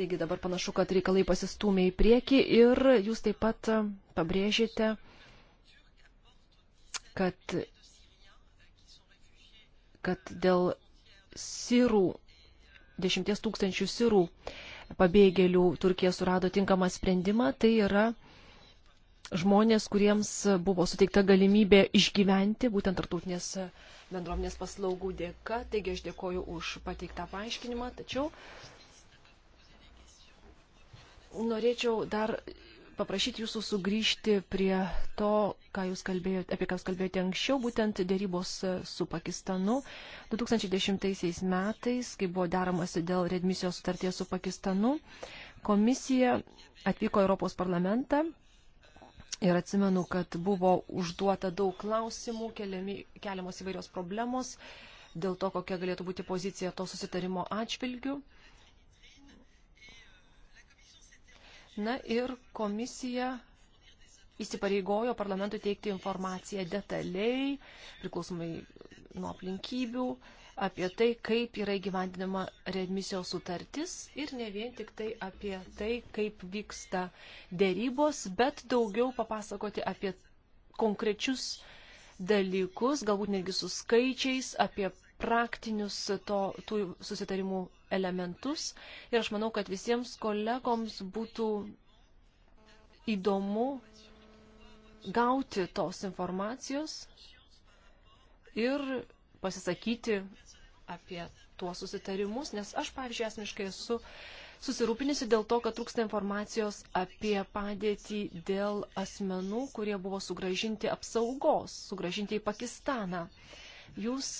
Taigi dabar panašu, kad reikalai pasistumė į priekį ir jūs taip pat pabrėžėte, kad, kad dėl sirų, dešimties tūkstančių sirų pabėgėlių Turkija surado tinkamą sprendimą, tai yra žmonės, kuriems buvo suteikta galimybė išgyventi būtent tartutinės bendruomenės paslaugų dėka. Taigi aš dėkoju už pateiktą paaiškinimą, tačiau norėčiau dar paprašyti jūsų sugrįžti prie to, ką jūs kalbėjote, apie ką jūs kalbėjote anksčiau, būtent dėrybos e, su Pakistanu. 2010 metais, kai buvo deramasi dėl redmisijos sutarties su Pakistanu, komisija atvyko Europos parlamentą ir atsimenu, kad buvo užduota daug klausimų, keliami, keliamos įvairios problemos dėl to, kokia galėtų būti pozicija to susitarimo atžvilgių. Na ir komisija įsipareigojo parlamentui teikti informaciją detaliai, priklausomai nuo aplinkybių, apie tai, kaip yra įgyvendinama readmisijos sutartis ir ne vien tik tai apie tai, kaip vyksta dėrybos, bet daugiau papasakoti apie konkrečius dalykus, galbūt netgi su skaičiais, apie praktinius to, tų susitarimų elementus ir aš manau, kad visiems kolegoms būtų įdomu gauti tos informacijos ir pasisakyti apie tuos susitarimus, nes aš, pavyzdžiui, asmeniškai esu susirūpinusi dėl to, kad trūksta informacijos apie padėtį dėl asmenų, kurie buvo sugražinti apsaugos, sugražinti į Pakistaną. Jūs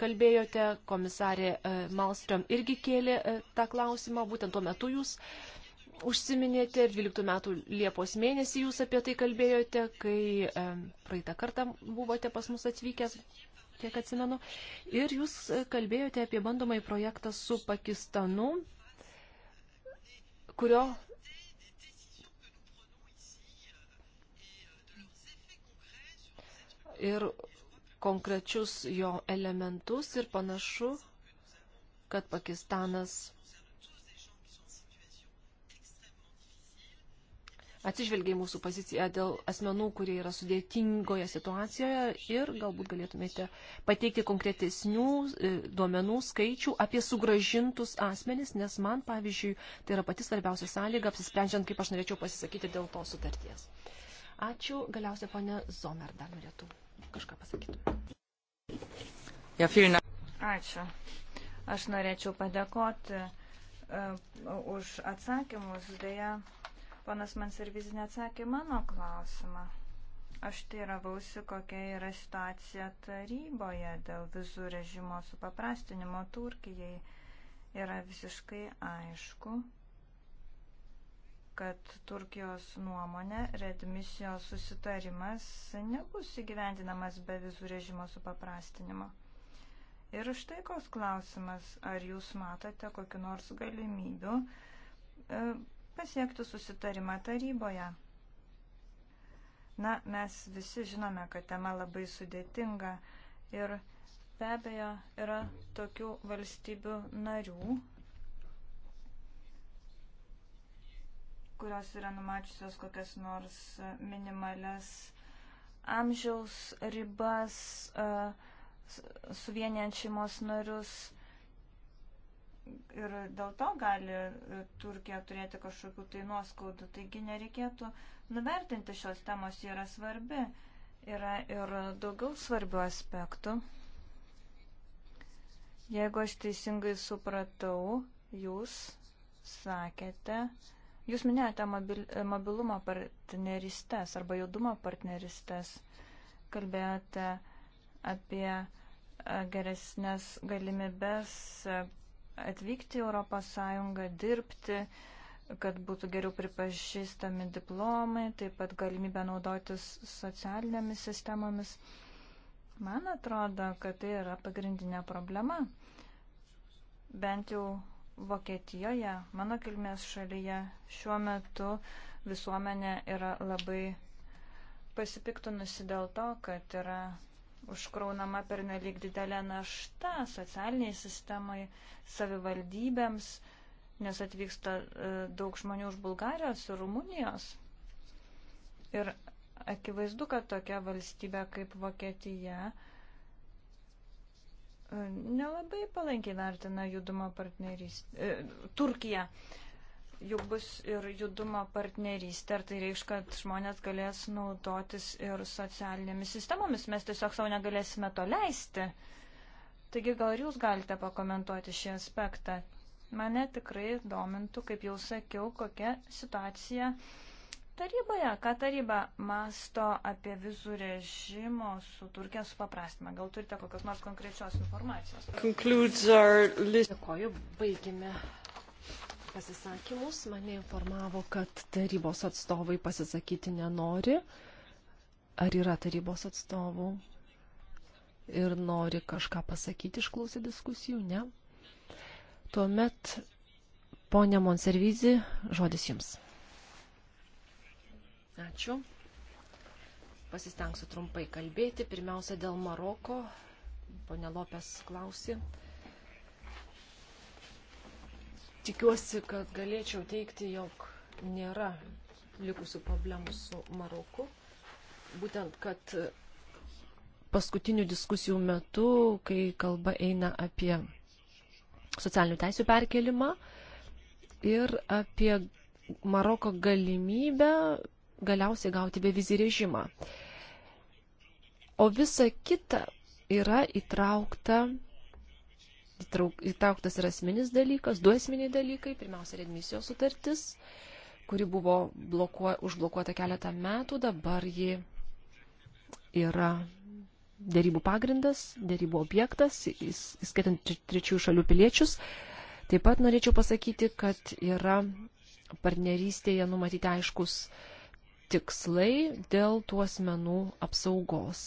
kalbėjote, komisarė e, Malstrom irgi kėlė e, tą klausimą, būtent tuo metu jūs užsiminėte ir 12 metų Liepos mėnesį jūs apie tai kalbėjote, kai e, praeitą kartą buvote pas mus atvykęs, kiek atsimenu, ir jūs kalbėjote apie bandomąjį projektą su Pakistanu, kurio ir konkrečius jo elementus ir panašu, kad Pakistanas atsižvelgia į mūsų poziciją dėl asmenų, kurie yra sudėtingoje situacijoje ir galbūt galėtumėte pateikti konkretesnių e, duomenų skaičių apie sugražintus asmenis, nes man, pavyzdžiui, tai yra pati svarbiausia sąlyga, apsisprendžiant, kaip aš norėčiau pasisakyti dėl tos sutarties. Ačiū, galiausiai ponė Zomer dar norėtų kažką pasakytumėte. Ačiū. Aš norėčiau padėkoti uh, už atsakymus. Deja, ponas Manservis neatsakė mano klausimą. Aš teiravausi, kokia yra situacija taryboje dėl vizų režimo supaprastinimo Turkijai. Yra visiškai aišku, kad Turkijos nuomonė redmisijos susitarimas nebus įgyvendinamas be vizų režimo supaprastinimo. Ir štai koks klausimas, ar jūs matote kokiu nors galimybių e, pasiekti susitarimą taryboje? Na, mes visi žinome, kad tema labai sudėtinga ir be abejo yra tokių valstybių narių, kurios yra numačiusios kokias nors e, minimales amžiaus ribas, e, suvienijant šeimos narius. Ir dėl to gali e, Turkija turėti kažkokių tai nuoskaudų. Taigi nereikėtų nuvertinti šios temos, ji yra svarbi. Yra ir daugiau svarbių aspektų. Jeigu aš teisingai supratau, jūs sakėte, Jūs minėjote mobil, mobilumo partneristės arba judumo partneristės. Kalbėjote apie e, geresnės galimybės e, atvykti į ES, dirbti, kad būtų geriau pripažįstami diplomai, taip pat galimybę naudotis socialinėmis sistemomis. Man atrodo, kad tai yra pagrindinė problema. Bent jau Vokietijoje, mano kilmės šalyje, šiuo metu visuomenė yra labai pasipiktinusi dėl to, kad yra užkraunama per nelik didelė našta socialiniai sistemai, savivaldybėms, nes atvyksta e, daug žmonių iš Bulgarijos ir Rumunijos. Ir akivaizdu, kad tokia valstybė kaip Vokietija uh, nelabai palankiai vertina judumo partnerystę. E, Turkija juk bus ir judumo partnerystė, ar tai reikš, kad žmonės galės naudotis ir socialinėmis sistemomis, mes tiesiog savo negalėsime to leisti. Taigi gal ir jūs galite pakomentuoti šį aspektą. Mane tikrai domintų, kaip jau sakiau, kokia situacija uh, taryboje, ką taryba masto apie vizų režimo su Turkija supaprastymą. Gal turite kokios nors konkrečios informacijos? Dėkoju, baigime pasisakymus. Mane informavo, kad tarybos atstovai pasisakyti nenori. Ar yra tarybos atstovų ir nori kažką pasakyti išklausę diskusijų? Ne. Tuomet, ponė Monservizi, žodis jums. Ačiū. Pasistengsiu trumpai kalbėti. Pirmiausia, dėl Maroko. Pone Lopes klausi. Tikiuosi, kad galėčiau teikti, jog nėra likusių problemų su Maroku. Būtent, kad paskutinių diskusijų metu, kai kalba eina apie socialinių teisų perkelimą ir apie Maroko galimybę galiausiai gauti bevizį režimą. O visa kita yra įtraukta, įtrauk, įtrauktas yra asmenis dalykas, du esminiai dalykai, pirmiausia, redmisijos sutartis, kuri buvo blokuo, užblokuota keletą metų, dabar ji yra dėrybų pagrindas, dėrybų objektas, įskaitant trečiųjų šalių piliečius. Taip pat norėčiau pasakyti, kad yra partnerystėje numatyti aiškus uh, tikslai dėl tų asmenų apsaugos.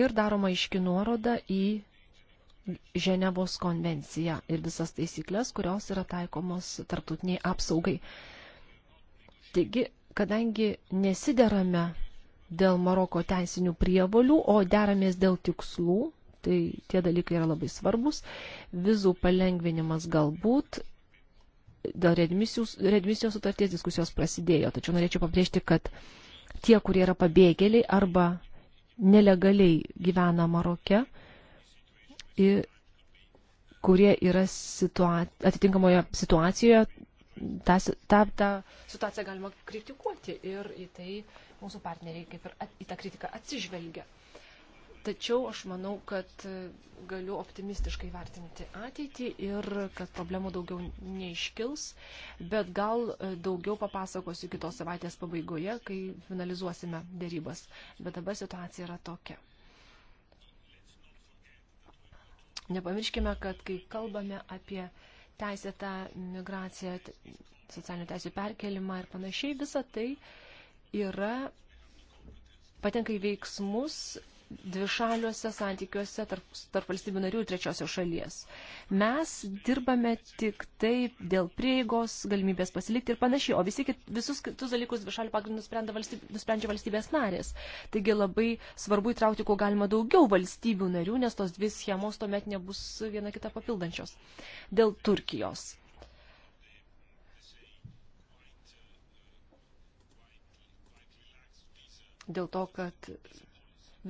Ir daroma iški nuoroda į Ženevos konvenciją ir visas taisyklės, kurios yra taikomos tarptautiniai apsaugai. Taigi, kadangi nesiderame dėl Maroko teisinių prievolių, o deramės dėl tikslų, tai tie dalykai yra labai svarbus. Vizų palengvinimas galbūt dėl redmisijos sutarties diskusijos prasidėjo. Tačiau norėčiau pabrėžti, kad tie, kurie yra pabėgėliai arba nelegaliai gyvena Maroke, kurie yra situa atitinkamoje situacijoje, tą, tą, tą situaciją galima kritikuoti ir į tai mūsų partneriai kaip ir at, į tą kritiką atsižvelgia. Tačiau aš manau, kad e, galiu optimistiškai vertinti ateitį ir kad problemų daugiau neiškils, bet gal e, daugiau papasakosiu kitos savaitės pabaigoje, kai finalizuosime dėrybas. Bet dabar situacija yra tokia. Nepamirškime, kad kai kalbame apie teisėtą migraciją, socialinių teisų perkelimą ir panašiai, visa tai yra patenka į veiksmus dvišaliuose santykiuose tarp, tarp valstybių narių ir trečiosios šalies. Mes dirbame tik taip dėl prieigos, galimybės pasilikti ir panašiai, o visi kit, visus kitus dalykus dvišalių pagrindų valstyb, nusprendžia valstybės narės. Taigi labai svarbu įtraukti, kuo galima daugiau valstybių narių, nes tos dvi schemos tuomet nebus viena kitą papildančios. Dėl Turkijos. dėl to, kad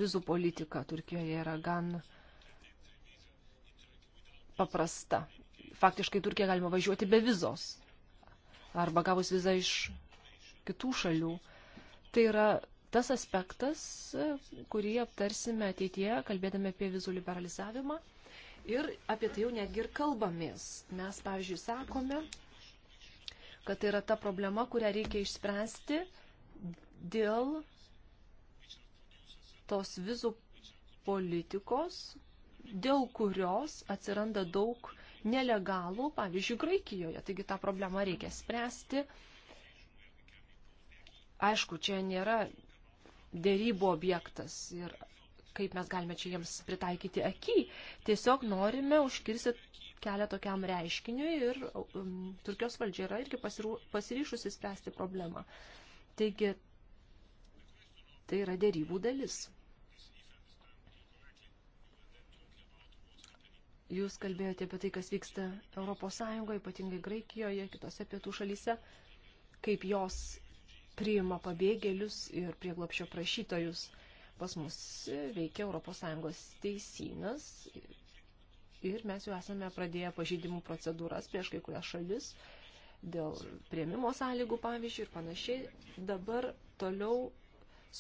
vizų politika Turkijoje yra gan paprasta. Faktiškai Turkiją galima važiuoti be vizos arba gavus vizą iš kitų šalių. Tai yra tas aspektas, kurį aptarsime ateityje, kalbėdami apie vizų liberalizavimą. Ir apie tai jau netgi ir kalbamės. Mes, pavyzdžiui, sakome, kad tai yra ta problema, kurią reikia išspręsti dėl tos vizų politikos, dėl kurios atsiranda daug nelegalų, pavyzdžiui, Graikijoje. Taigi tą problemą reikia spręsti. Aišku, čia nėra dėrybų objektas ir kaip mes galime čia jiems pritaikyti akį. Tiesiog norime užkirsti kelią tokiam reiškiniui ir um, Turkijos valdžia yra irgi pasirū, pasiryšusi spręsti problemą. Taigi, tai yra dėrybų dalis. Jūs kalbėjote apie tai, kas vyksta ES, ypatingai Graikijoje, kitose pietų šalyse, kaip jos priima pabėgėlius ir prieglopšio prašytojus. Pas mus veikia ES teisynas ir mes jau esame pradėję pažydimų procedūras prieš kai kurias šalis dėl prieimimo sąlygų, pavyzdžiui, ir panašiai. Dabar toliau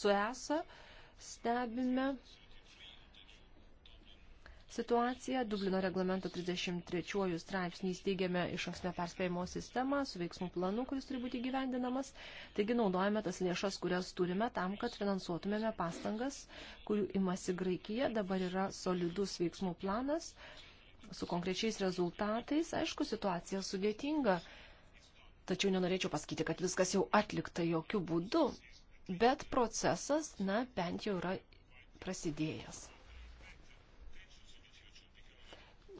su ESA stebime situaciją. Dublino reglamento 33 straipsnį įsteigėme iš anksnio perspėjimo sistemą su veiksmų planu, kuris turi būti gyvendinamas. Taigi naudojame tas lėšas, kurias turime tam, kad finansuotumėme pastangas, kurių imasi Graikija. Dabar yra solidus veiksmų planas su konkrečiais rezultatais. Aišku, situacija sudėtinga. Tačiau nenorėčiau pasakyti, kad viskas jau atlikta jokių būdų, bet procesas, na, bent jau yra prasidėjęs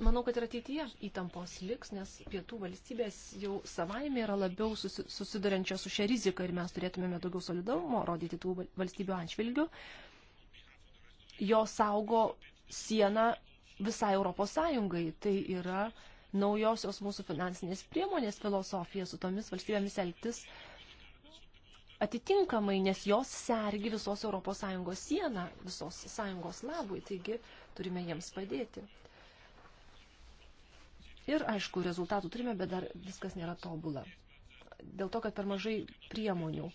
manau, kad ir ateityje įtampos liks, nes pietų valstybės jau savaime yra labiau susi susidurančios su šia rizika ir mes turėtumėme daugiau solidarumo rodyti tų valstybių atšvilgių. Jo saugo sieną visai Europos Sąjungai. Tai yra naujosios mūsų finansinės priemonės filosofija su tomis valstybėmis elgtis atitinkamai, nes jos sergi visos ES sieną, visos sąjungos labui, taigi turime jiems padėti. Ir, aišku, rezultatų turime, bet dar viskas nėra tobula. Dėl to, kad per mažai priemonių.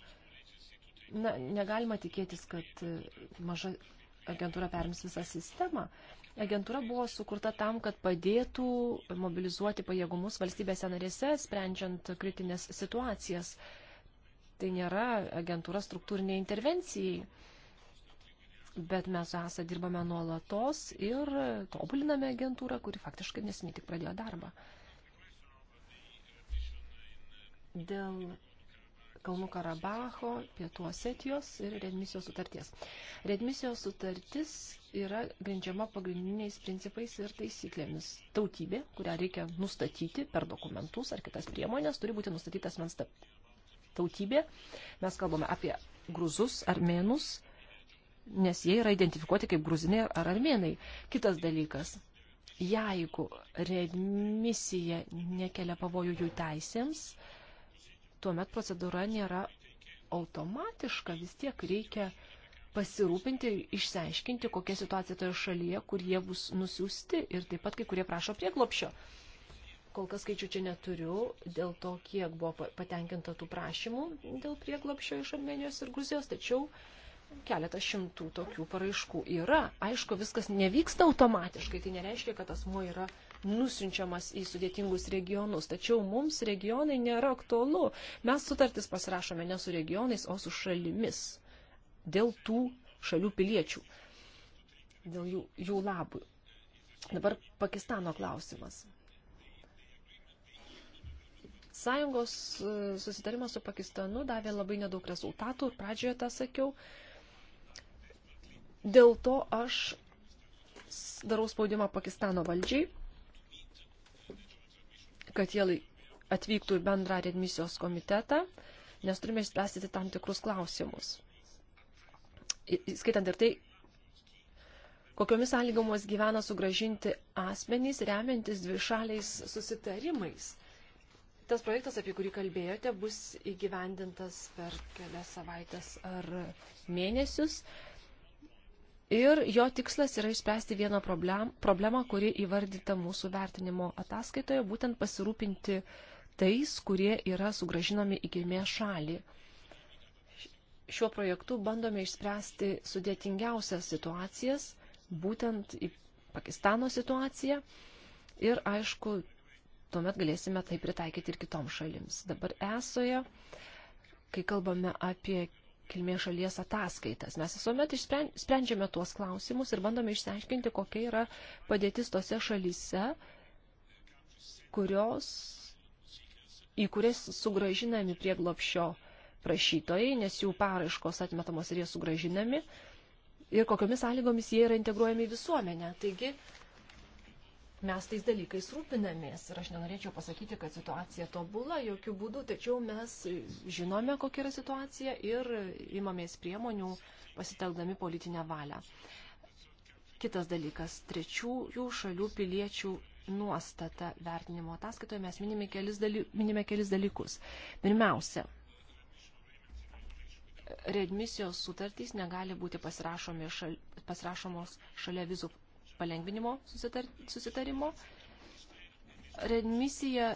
Na, negalima tikėtis, kad e, maža agentūra perims visą sistemą. Agentūra buvo sukurta tam, kad padėtų mobilizuoti pajėgumus valstybėse narėse, sprendžiant kritinės situacijas. Tai nėra agentūra struktūriniai intervencijai bet mes su ESA dirbame nuolatos ir tobuliname agentūrą, kuri faktiškai nesiniai tik pradėjo darbą. Dėl Kalnų Karabacho, Pietų Osetijos ir redmisijos sutarties. Redmisijos sutartis yra grindžiama pagrindiniais principais ir taisyklėmis. Tautybė, kurią reikia nustatyti per dokumentus ar kitas priemonės, turi būti nustatytas mens tautybė. Mes kalbame apie gruzus, armenus, nes jie yra identifikuoti kaip gruzinai ar armenai. Kitas dalykas, jeigu remisija nekelia pavojų jų teisėms, tuomet procedūra nėra automatiška, vis tiek reikia pasirūpinti ir išsiaiškinti, kokia situacija toje šalyje, kur jie bus nusiųsti ir taip pat kai kurie prašo prieglopšio. Kol kas skaičių čia neturiu dėl to, kiek buvo patenkinta tų prašymų dėl prieglopšio iš Armenijos ir Gruzijos, tačiau uh, keletas šimtų tokių paraiškų yra. Aišku, viskas nevyksta automatiškai, tai nereiškia, kad asmo yra nusinčiamas į sudėtingus regionus. Tačiau mums regionai nėra aktualu. Mes sutartis pasirašome ne su regionais, o su šalimis. Dėl tų šalių piliečių. Dėl jų, jų labų. Dabar Pakistano klausimas. Sąjungos e, susitarimas su Pakistanu davė labai nedaug rezultatų ir pradžioje tą sakiau. Uh, Dėl to aš darau spaudimą Pakistano valdžiai, kad jie atvyktų į bendrą redmisijos komitetą, nes turime išspręsti tam tikrus klausimus. Skaitant ir tai, kokiomis sąlygomis gyvena sugražinti asmenys remiantis dvišaliais susitarimais. Tas projektas, apie kurį kalbėjote, bus įgyvendintas per kelias savaitės ar mėnesius. Ir jo tikslas yra išspręsti vieną problem, problemą, kuri įvardyta mūsų vertinimo ataskaitoje, būtent pasirūpinti tais, kurie yra sugražinami į kilmės šalį. Šiuo projektu bandome išspręsti sudėtingiausias situacijas, būtent į Pakistano situaciją ir, aišku, tuomet galėsime tai pritaikyti ir kitoms šalims. Dabar esoje, kai kalbame apie kilmės šalies ataskaitas. Mes visuomet sprendžiame tuos klausimus ir bandome išsiaiškinti, kokia yra padėtis tose šalyse, kurios, į kurias sugražinami prieglopšio prašytojai, nes jų paraiškos atmetamos ir jie sugražinami, ir kokiomis sąlygomis jie yra integruojami į visuomenę. Taigi, mes tais dalykais rūpinamės. Ir aš nenorėčiau pasakyti, kad situacija tobula, jokių būdų, tačiau mes žinome, kokia yra situacija ir imamės priemonių pasitelkdami politinę valią. Kitas dalykas - trečiųjų šalių piliečių nuostata vertinimo ataskaitoje mes minime kelis, daly, minime kelis dalykus. Pirmiausia, readmisijos sutartys negali būti šal, pasirašomos šalia vizų palengvinimo susitar susitarimo. Redmisija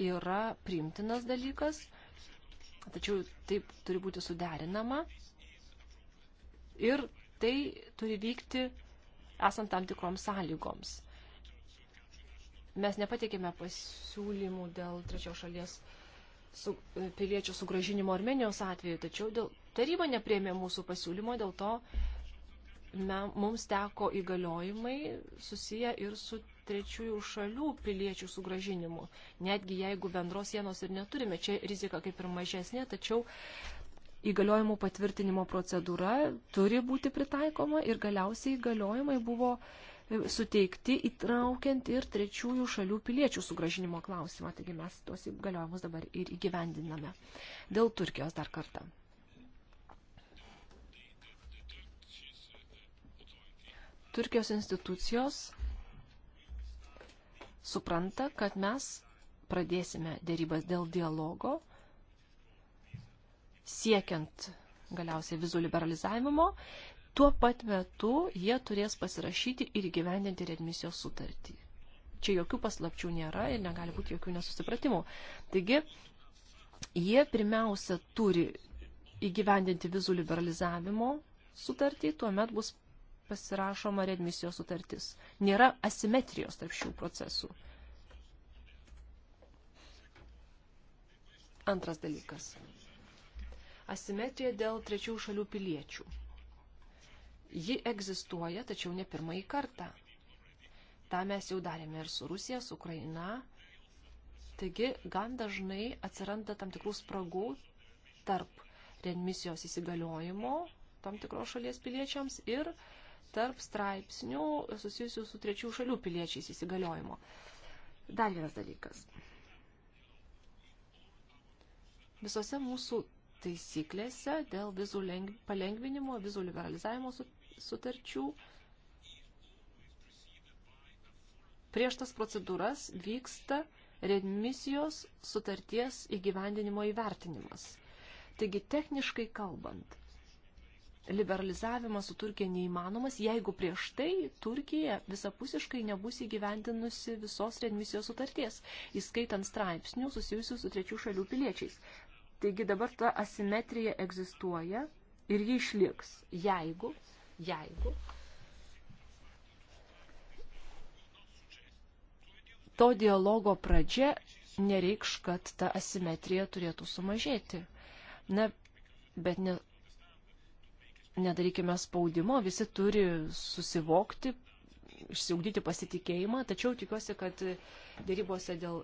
yra priimtinas dalykas, tačiau taip turi būti suderinama ir tai turi vykti esant tam tikroms sąlygoms. Mes nepateikėme pasiūlymų dėl trečios šalies su, piliečio sugražinimo Armenijos atveju, tačiau dėl, taryba neprėmė mūsų pasiūlymo, dėl to me, mums teko įgaliojimai susiję ir su trečiųjų šalių piliečių sugražinimu. Netgi jeigu bendros sienos ir neturime, čia rizika kaip ir mažesnė, tačiau įgaliojimų patvirtinimo procedūra turi būti pritaikoma ir galiausiai įgaliojimai buvo e, suteikti įtraukiant ir trečiųjų šalių piliečių sugražinimo klausimą. Taigi mes tuos įgaliojimus dabar ir įgyvendiname. Dėl Turkijos dar kartą. Turkijos institucijos supranta, kad mes pradėsime dėrybas dėl dialogo, siekiant galiausiai vizų liberalizavimo, tuo pat metu jie turės pasirašyti ir įgyvendinti redmisijos sutartį. Čia jokių paslapčių nėra ir negali būti jokių nesusipratimų. Taigi, jie pirmiausia turi įgyvendinti vizų liberalizavimo sutartį, tuomet bus pasirašoma redmisijos sutartis. Nėra asimetrijos tarp šių procesų. Antras dalykas. Asimetrija dėl trečių šalių piliečių. Ji egzistuoja, tačiau ne pirmąjį kartą. Ta mes jau darėme ir su Rusija, su Ukraina. Taigi, gan dažnai atsiranda tam tikrų spragų tarp readmisijos įsigaliojimo tam tikros šalies piliečiams ir tarp straipsnių susijusių su trečių šalių piliečiais įsigaliojimo. Dar vienas dalykas. Visose mūsų taisyklėse dėl vizų lengv... palengvinimo, vizų liberalizavimo sutarčių prieš tas procedūras vyksta redmisijos sutarties įgyvendinimo įvertinimas. Taigi techniškai kalbant, liberalizavimas su Turkija neįmanomas, jeigu prieš tai Turkija visapusiškai nebus įgyvendinusi visos readmisijos sutarties, įskaitant straipsnių susijusių su trečių šalių piliečiais. Taigi dabar ta asimetrija egzistuoja ir ji išliks, jeigu, jeigu. To dialogo pradžia nereikš, kad ta asimetrija turėtų sumažėti. Na, bet ne, nedarykime spaudimo, visi turi susivokti, išsiugdyti pasitikėjimą, tačiau tikiuosi, kad dėrybose dėl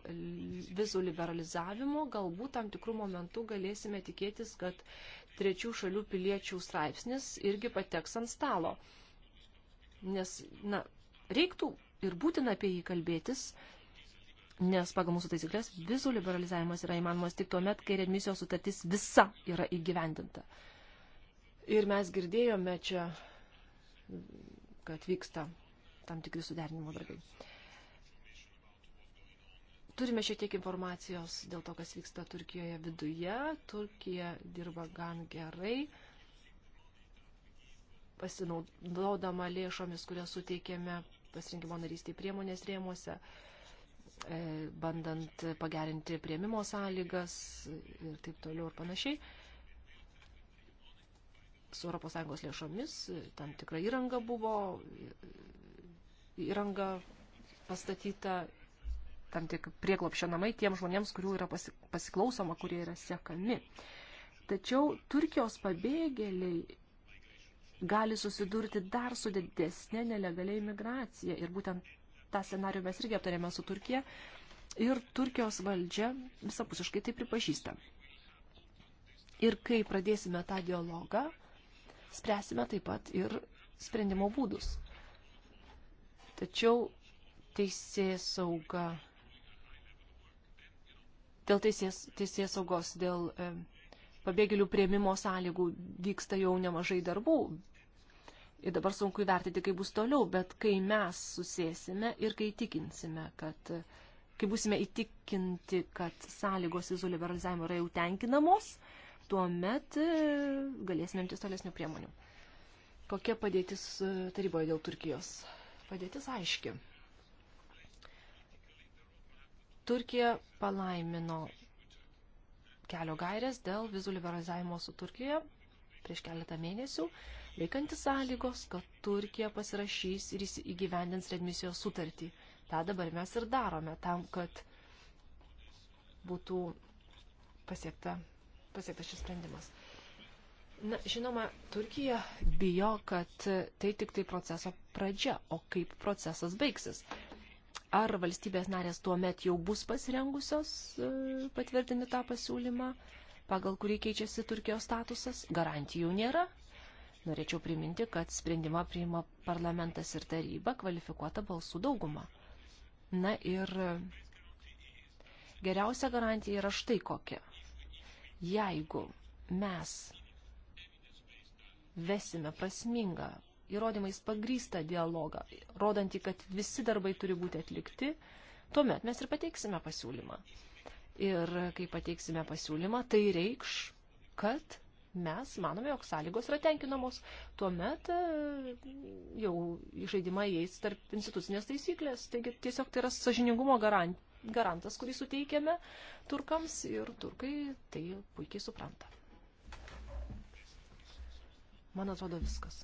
vizų liberalizavimo galbūt tam tikrų momentų galėsime tikėtis, kad trečių šalių piliečių straipsnis irgi pateks ant stalo. Nes, na, reiktų ir būtina apie jį kalbėtis, nes pagal mūsų taisyklės vizų liberalizavimas yra įmanomas tik tuo met, kai redmisijos sutartis visa yra įgyvendinta. Ir mes girdėjome čia, kad vyksta tam tikri suderinimo darbai. Turime šiek tiek informacijos dėl to, kas vyksta Turkijoje viduje. Turkija dirba gan gerai, pasinaudodama lėšomis, kurias suteikėme pasirinkimo narystėje priemonės rėmuose, e, bandant pagerinti prieimimo sąlygas ir taip toliau ir panašiai su ES lėšomis, tam tikra įranga buvo, įranga pastatyta, tam tik prieklopšio namai tiem žmonėms, kurių yra pasiklausoma, kurie yra sekami. Tačiau Turkijos pabėgėliai gali susidurti dar su didesnė nelegalia imigracija. Ir būtent tą scenarių mes irgi aptarėme su Turkija. Ir Turkijos valdžia visapusiškai tai pripažįsta. Ir kai pradėsime tą dialogą, spręsime taip pat ir sprendimo būdus. Tačiau teisės sauga, dėl teisės, teisės saugos, dėl e, pabėgėlių prieimimo sąlygų vyksta jau nemažai darbų. Ir dabar sunku įvertinti, kaip bus toliau, bet kai mes susėsime ir kai tikinsime, kad kai busime įtikinti, kad sąlygos vizų liberalizavimo yra jau tenkinamos, tuomet e, galėsime imtis tolesnių priemonių. Kokia padėtis e, taryboje dėl Turkijos? Padėtis aiški. Turkija palaimino kelio gairės dėl vizų liberalizavimo su Turkija prieš keletą mėnesių, laikantis sąlygos, kad Turkija pasirašys ir įgyvendins redmisijos sutartį. Ta dabar mes ir darome tam, kad būtų pasiekta pasiektas šis sprendimas. Na, žinoma, Turkija bijo, kad tai tik tai proceso pradžia, o kaip procesas baigsis. Ar valstybės narės tuo met jau bus pasirengusios e, patvirtinti tą pasiūlymą, pagal kurį keičiasi Turkijos statusas, garantijų nėra. Norėčiau priminti, kad sprendimą priima parlamentas ir taryba kvalifikuota balsų dauguma. Na ir geriausia garantija yra štai kokia. Jeigu mes vesime prasmingą, įrodymais pagrystą dialogą, rodantį, kad visi darbai turi būti atlikti, tuomet mes ir pateiksime pasiūlymą. Ir kai pateiksime pasiūlymą, tai reikš, kad mes manome, jog sąlygos yra tenkinamos. Tuomet e, jau į žaidimą įeis tarp institucinės taisyklės. Taigi tiesiog tai yra sažiningumo garantija garantas, kurį suteikėme turkams ir turkai tai puikiai supranta. Man atrodo viskas.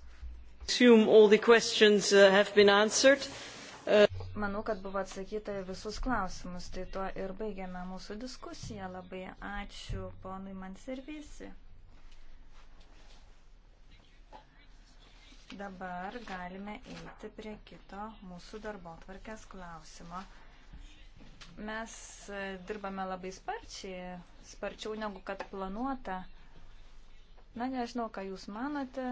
Uh, uh, Manau, kad buvo atsakyta visus klausimus, tai tuo ir baigiame mūsų diskusiją. Labai ačiū ponui Manservisi. Dabar galime eiti prie kito mūsų darbo tvarkės klausimo. Mes e, dirbame labai sparčiai, sparčiau negu kad planuota. Na, nežinau, ką Jūs manote,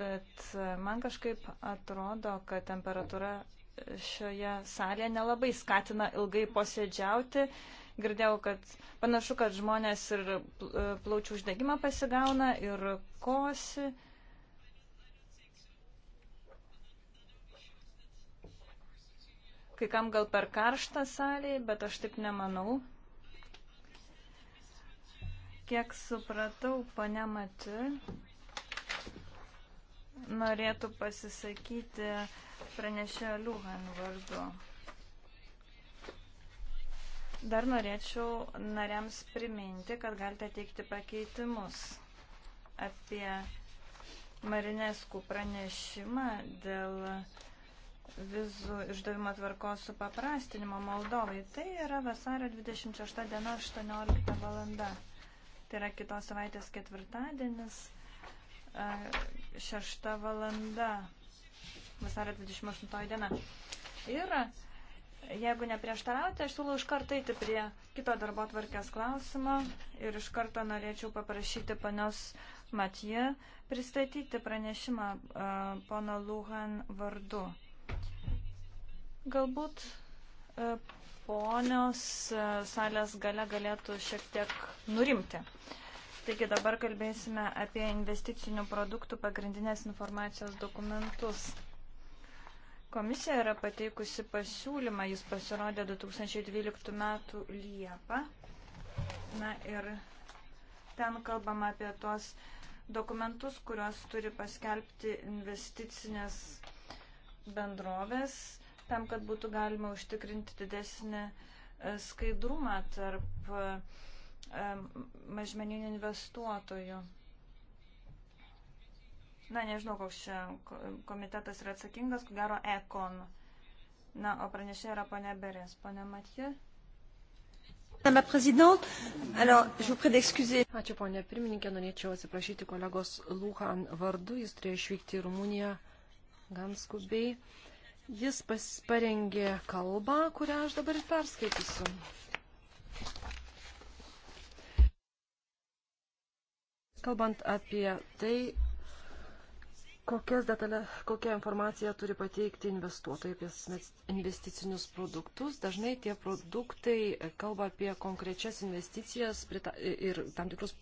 bet e, man kažkaip atrodo, kad temperatūra e, šioje salėje nelabai skatina ilgai posėdžiauti. Girdėjau, kad panašu, kad žmonės ir plaučių uždegimą pasigauna ir kosi. Uh, Kai kam gal per karštą salėje, bet aš taip nemanau. Kiek supratau, pane Mati norėtų pasisakyti pranešėjo Liuhan vardu. Dar norėčiau nariams priminti, kad galite teikti pakeitimus apie Marinesku pranešimą dėl vizų išdavimo tvarkos supaprastinimo Moldovai. Tai yra vasario 26 diena 18 valanda. Tai yra kitos savaitės ketvirtadienis 6 e, valanda. Vasario 28 diena. Ir jeigu neprieštaraujate, aš siūlau iš karto eiti prie kito darbo tvarkės klausimo ir iš karto norėčiau paprašyti panios Matija pristatyti pranešimą uh, pono Luhan vardu. Galbūt e, ponios e, salės gale galėtų šiek tiek nurimti. Taigi dabar kalbėsime apie investicinių produktų pagrindinės informacijos dokumentus. Komisija yra pateikusi pasiūlymą, jis pasirodė 2012 m. Liepą. Na ir ten kalbama apie tuos dokumentus, kuriuos turi paskelbti investicinės bendrovės tam, kad būtų galima užtikrinti didesnį e, skaidrumą tarp e, e, mažmeninių investuotojų. Na, nežinau, koks čia komitetas yra atsakingas, ko gero ekon. Na, o pranešė yra ponia Berės, ponia Matija. Ačiū ponė pirmininkė, norėčiau atsiprašyti kolegos Lūhan vardu, jis turėjo išvykti į Rumuniją gan skubiai. Jis pas, parengė kalbą, kurią aš dabar ir perskaitysiu. Kalbant apie tai, kokias detalė, kokią informaciją turi pateikti investuotojai apie investicinius produktus. Dažnai tie produktai kalba apie konkrečias investicijas ir tam tikrus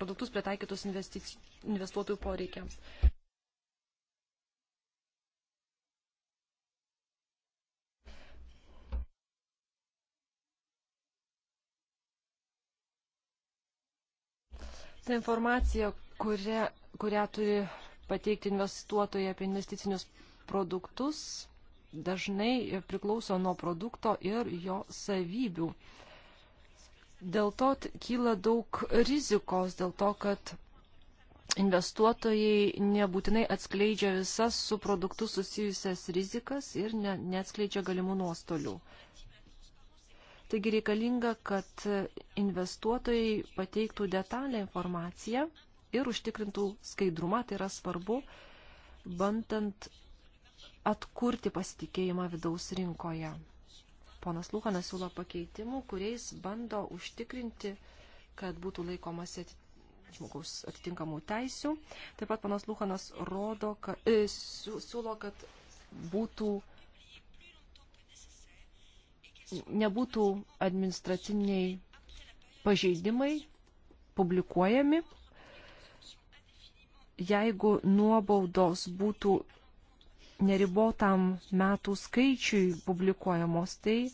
produktus pritaikytus investuotojų poreikiams. Ta informacija, kurią, kurią turi pateikti investuotojai apie investicinius produktus, dažnai priklauso nuo produkto ir jo savybių. Dėl to kyla daug rizikos, dėl to, kad investuotojai nebūtinai atskleidžia visas su produktu susijusias rizikas ir ne, neatskleidžia galimų nuostolių. Taigi reikalinga, kad investuotojai pateiktų detalę informaciją ir užtikrintų skaidrumą, tai yra svarbu, bandant atkurti pasitikėjimą vidaus rinkoje. Ponas Lūkanas siūlo pakeitimų, kuriais bando užtikrinti, kad būtų laikomasi žmogaus atitinkamų teisių. Taip pat panas Lūkanas rodo, kad, e, siūlo, kad būtų nebūtų administraciniai pažeidimai publikuojami, jeigu nuobaudos būtų neribotam metų skaičiui publikuojamos, tai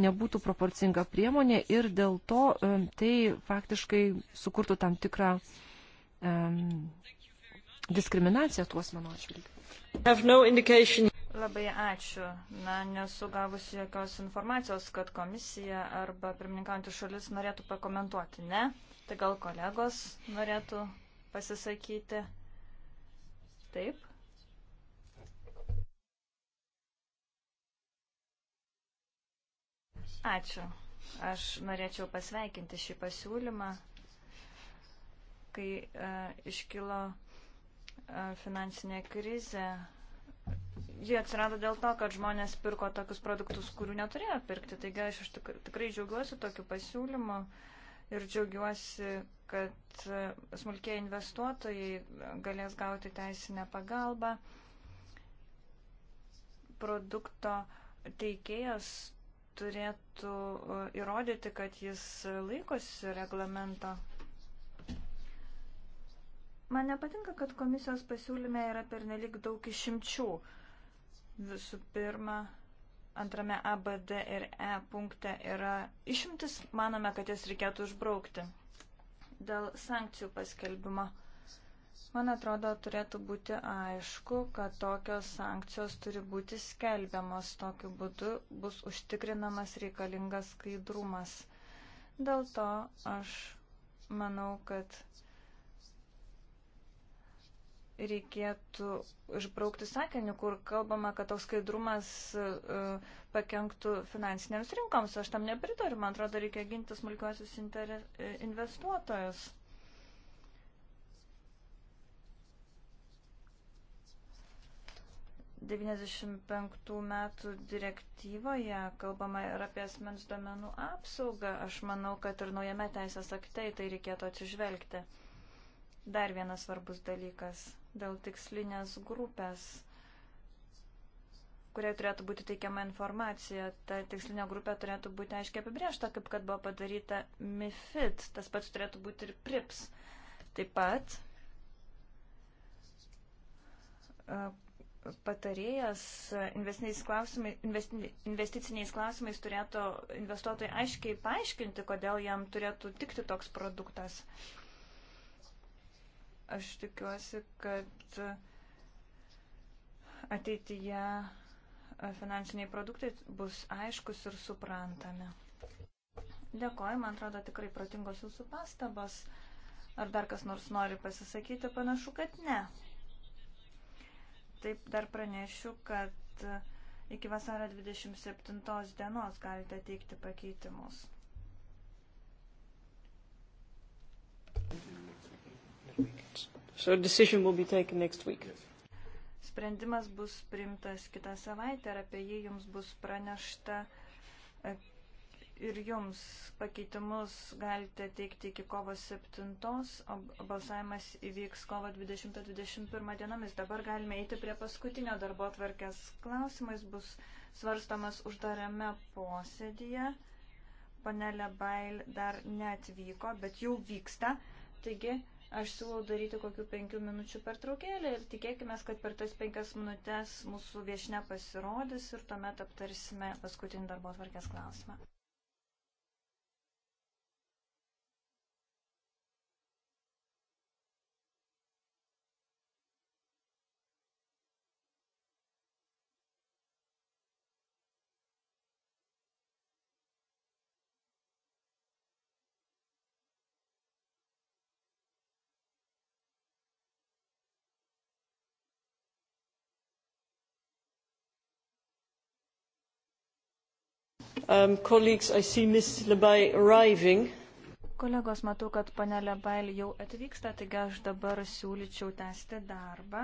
nebūtų proporcinga priemonė ir dėl to e, tai faktiškai sukurtų tam tikrą um, diskriminaciją tuos mano atžvilgiu. Labai ačiū. Na, nesu gavusi jokios informacijos, kad komisija arba pirmininkaujantis šalis norėtų pakomentuoti. Ne, tai gal kolegos norėtų pasisakyti. Taip. Ačiū. Aš norėčiau pasveikinti šį pasiūlymą, kai uh, iškilo uh, finansinė krizė Ji atsirado dėl to, kad žmonės pirko tokius produktus, kurių neturėjo pirkti. Taigi aš tik, tikrai džiaugiuosi tokiu pasiūlymu ir džiaugiuosi, kad e, smulkiai investuotojai galės gauti teisinę pagalbą. Produkto teikėjas turėtų e, įrodyti, kad jis laikosi reglamento. Man nepatinka, kad komisijos pasiūlyme yra pernelik daug išimčių. Iš Visų pirma, antrame A, B, D ir E punkte yra išimtis, manome, kad jas reikėtų išbraukti dėl sankcijų paskelbimo. Man atrodo, turėtų būti aišku, kad tokios sankcijos turi būti skelbiamos, tokiu būdu bus užtikrinamas reikalingas skaidrumas. Dėl to aš manau, kad reikėtų išbraukti sakinį, kur kalbama, kad toks skaidrumas e, pakenktų finansinėms rinkoms. Aš tam nepritariu, man atrodo, reikia ginti smulkiuosius e, investuotojus. metų direktyvoje kalbama ir apie asmens duomenų apsaugą. Aš manau, kad ir naujame teisės aktai tai reikėtų atsižvelgti. Dar vienas svarbus dalykas dėl tikslinės grupės, kurie turėtų būti teikiama informacija. Ta tikslinė grupė turėtų būti aiškiai apibriešta, kaip kad buvo padaryta MIFID, tas pats turėtų būti ir PRIPS. Taip pat e, patarėjas e, investiciniais klausimais turėtų investuotojai aiškiai paaiškinti, kodėl jam turėtų tikti toks produktas. Uh, Aš tikiuosi, kad ateityje e, finansiniai produktai bus aiškus ir suprantami. Dėkoju, man atrodo tikrai protingos jūsų pastabos. Ar dar kas nors nori pasisakyti, panašu, kad ne. Taip dar pranešiu, kad e, iki vasario 27 dienos galite teikti pakeitimus. Thank you. So decision will be taken next week. Sprendimas bus priimtas kitą savaitę ir apie jį jums bus pranešta ir jums pakeitimus galite teikti iki kovo 7, o balsavimas įvyks kovo 20-21 dienomis. Dabar galime eiti prie paskutinio darbo atvarkės klausimais, bus svarstamas uždarame posėdėje. Panelė Bail dar neatvyko, bet jau vyksta. Taigi, Aš siūlau daryti kokių penkių minučių pertraukėlę ir tikėkime, kad per tas penkias minutės mūsų viešne pasirodys ir tuomet aptarsime paskutinį darbo tvarkės klausimą. Um, colleagues, I see Ms. Labai arriving. Kolegos, matau, kad panelė Bail jau atvyksta, taigi aš dabar siūlyčiau tęsti darbą.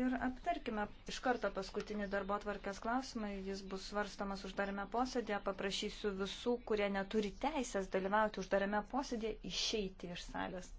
Ir aptarkime iš karto paskutinį darbo tvarkės klausimą, jis bus svarstamas uždarime posėdėje, paprašysiu visų, kurie neturi teisės dalyvauti uždarime posėdėje, išeiti iš salės.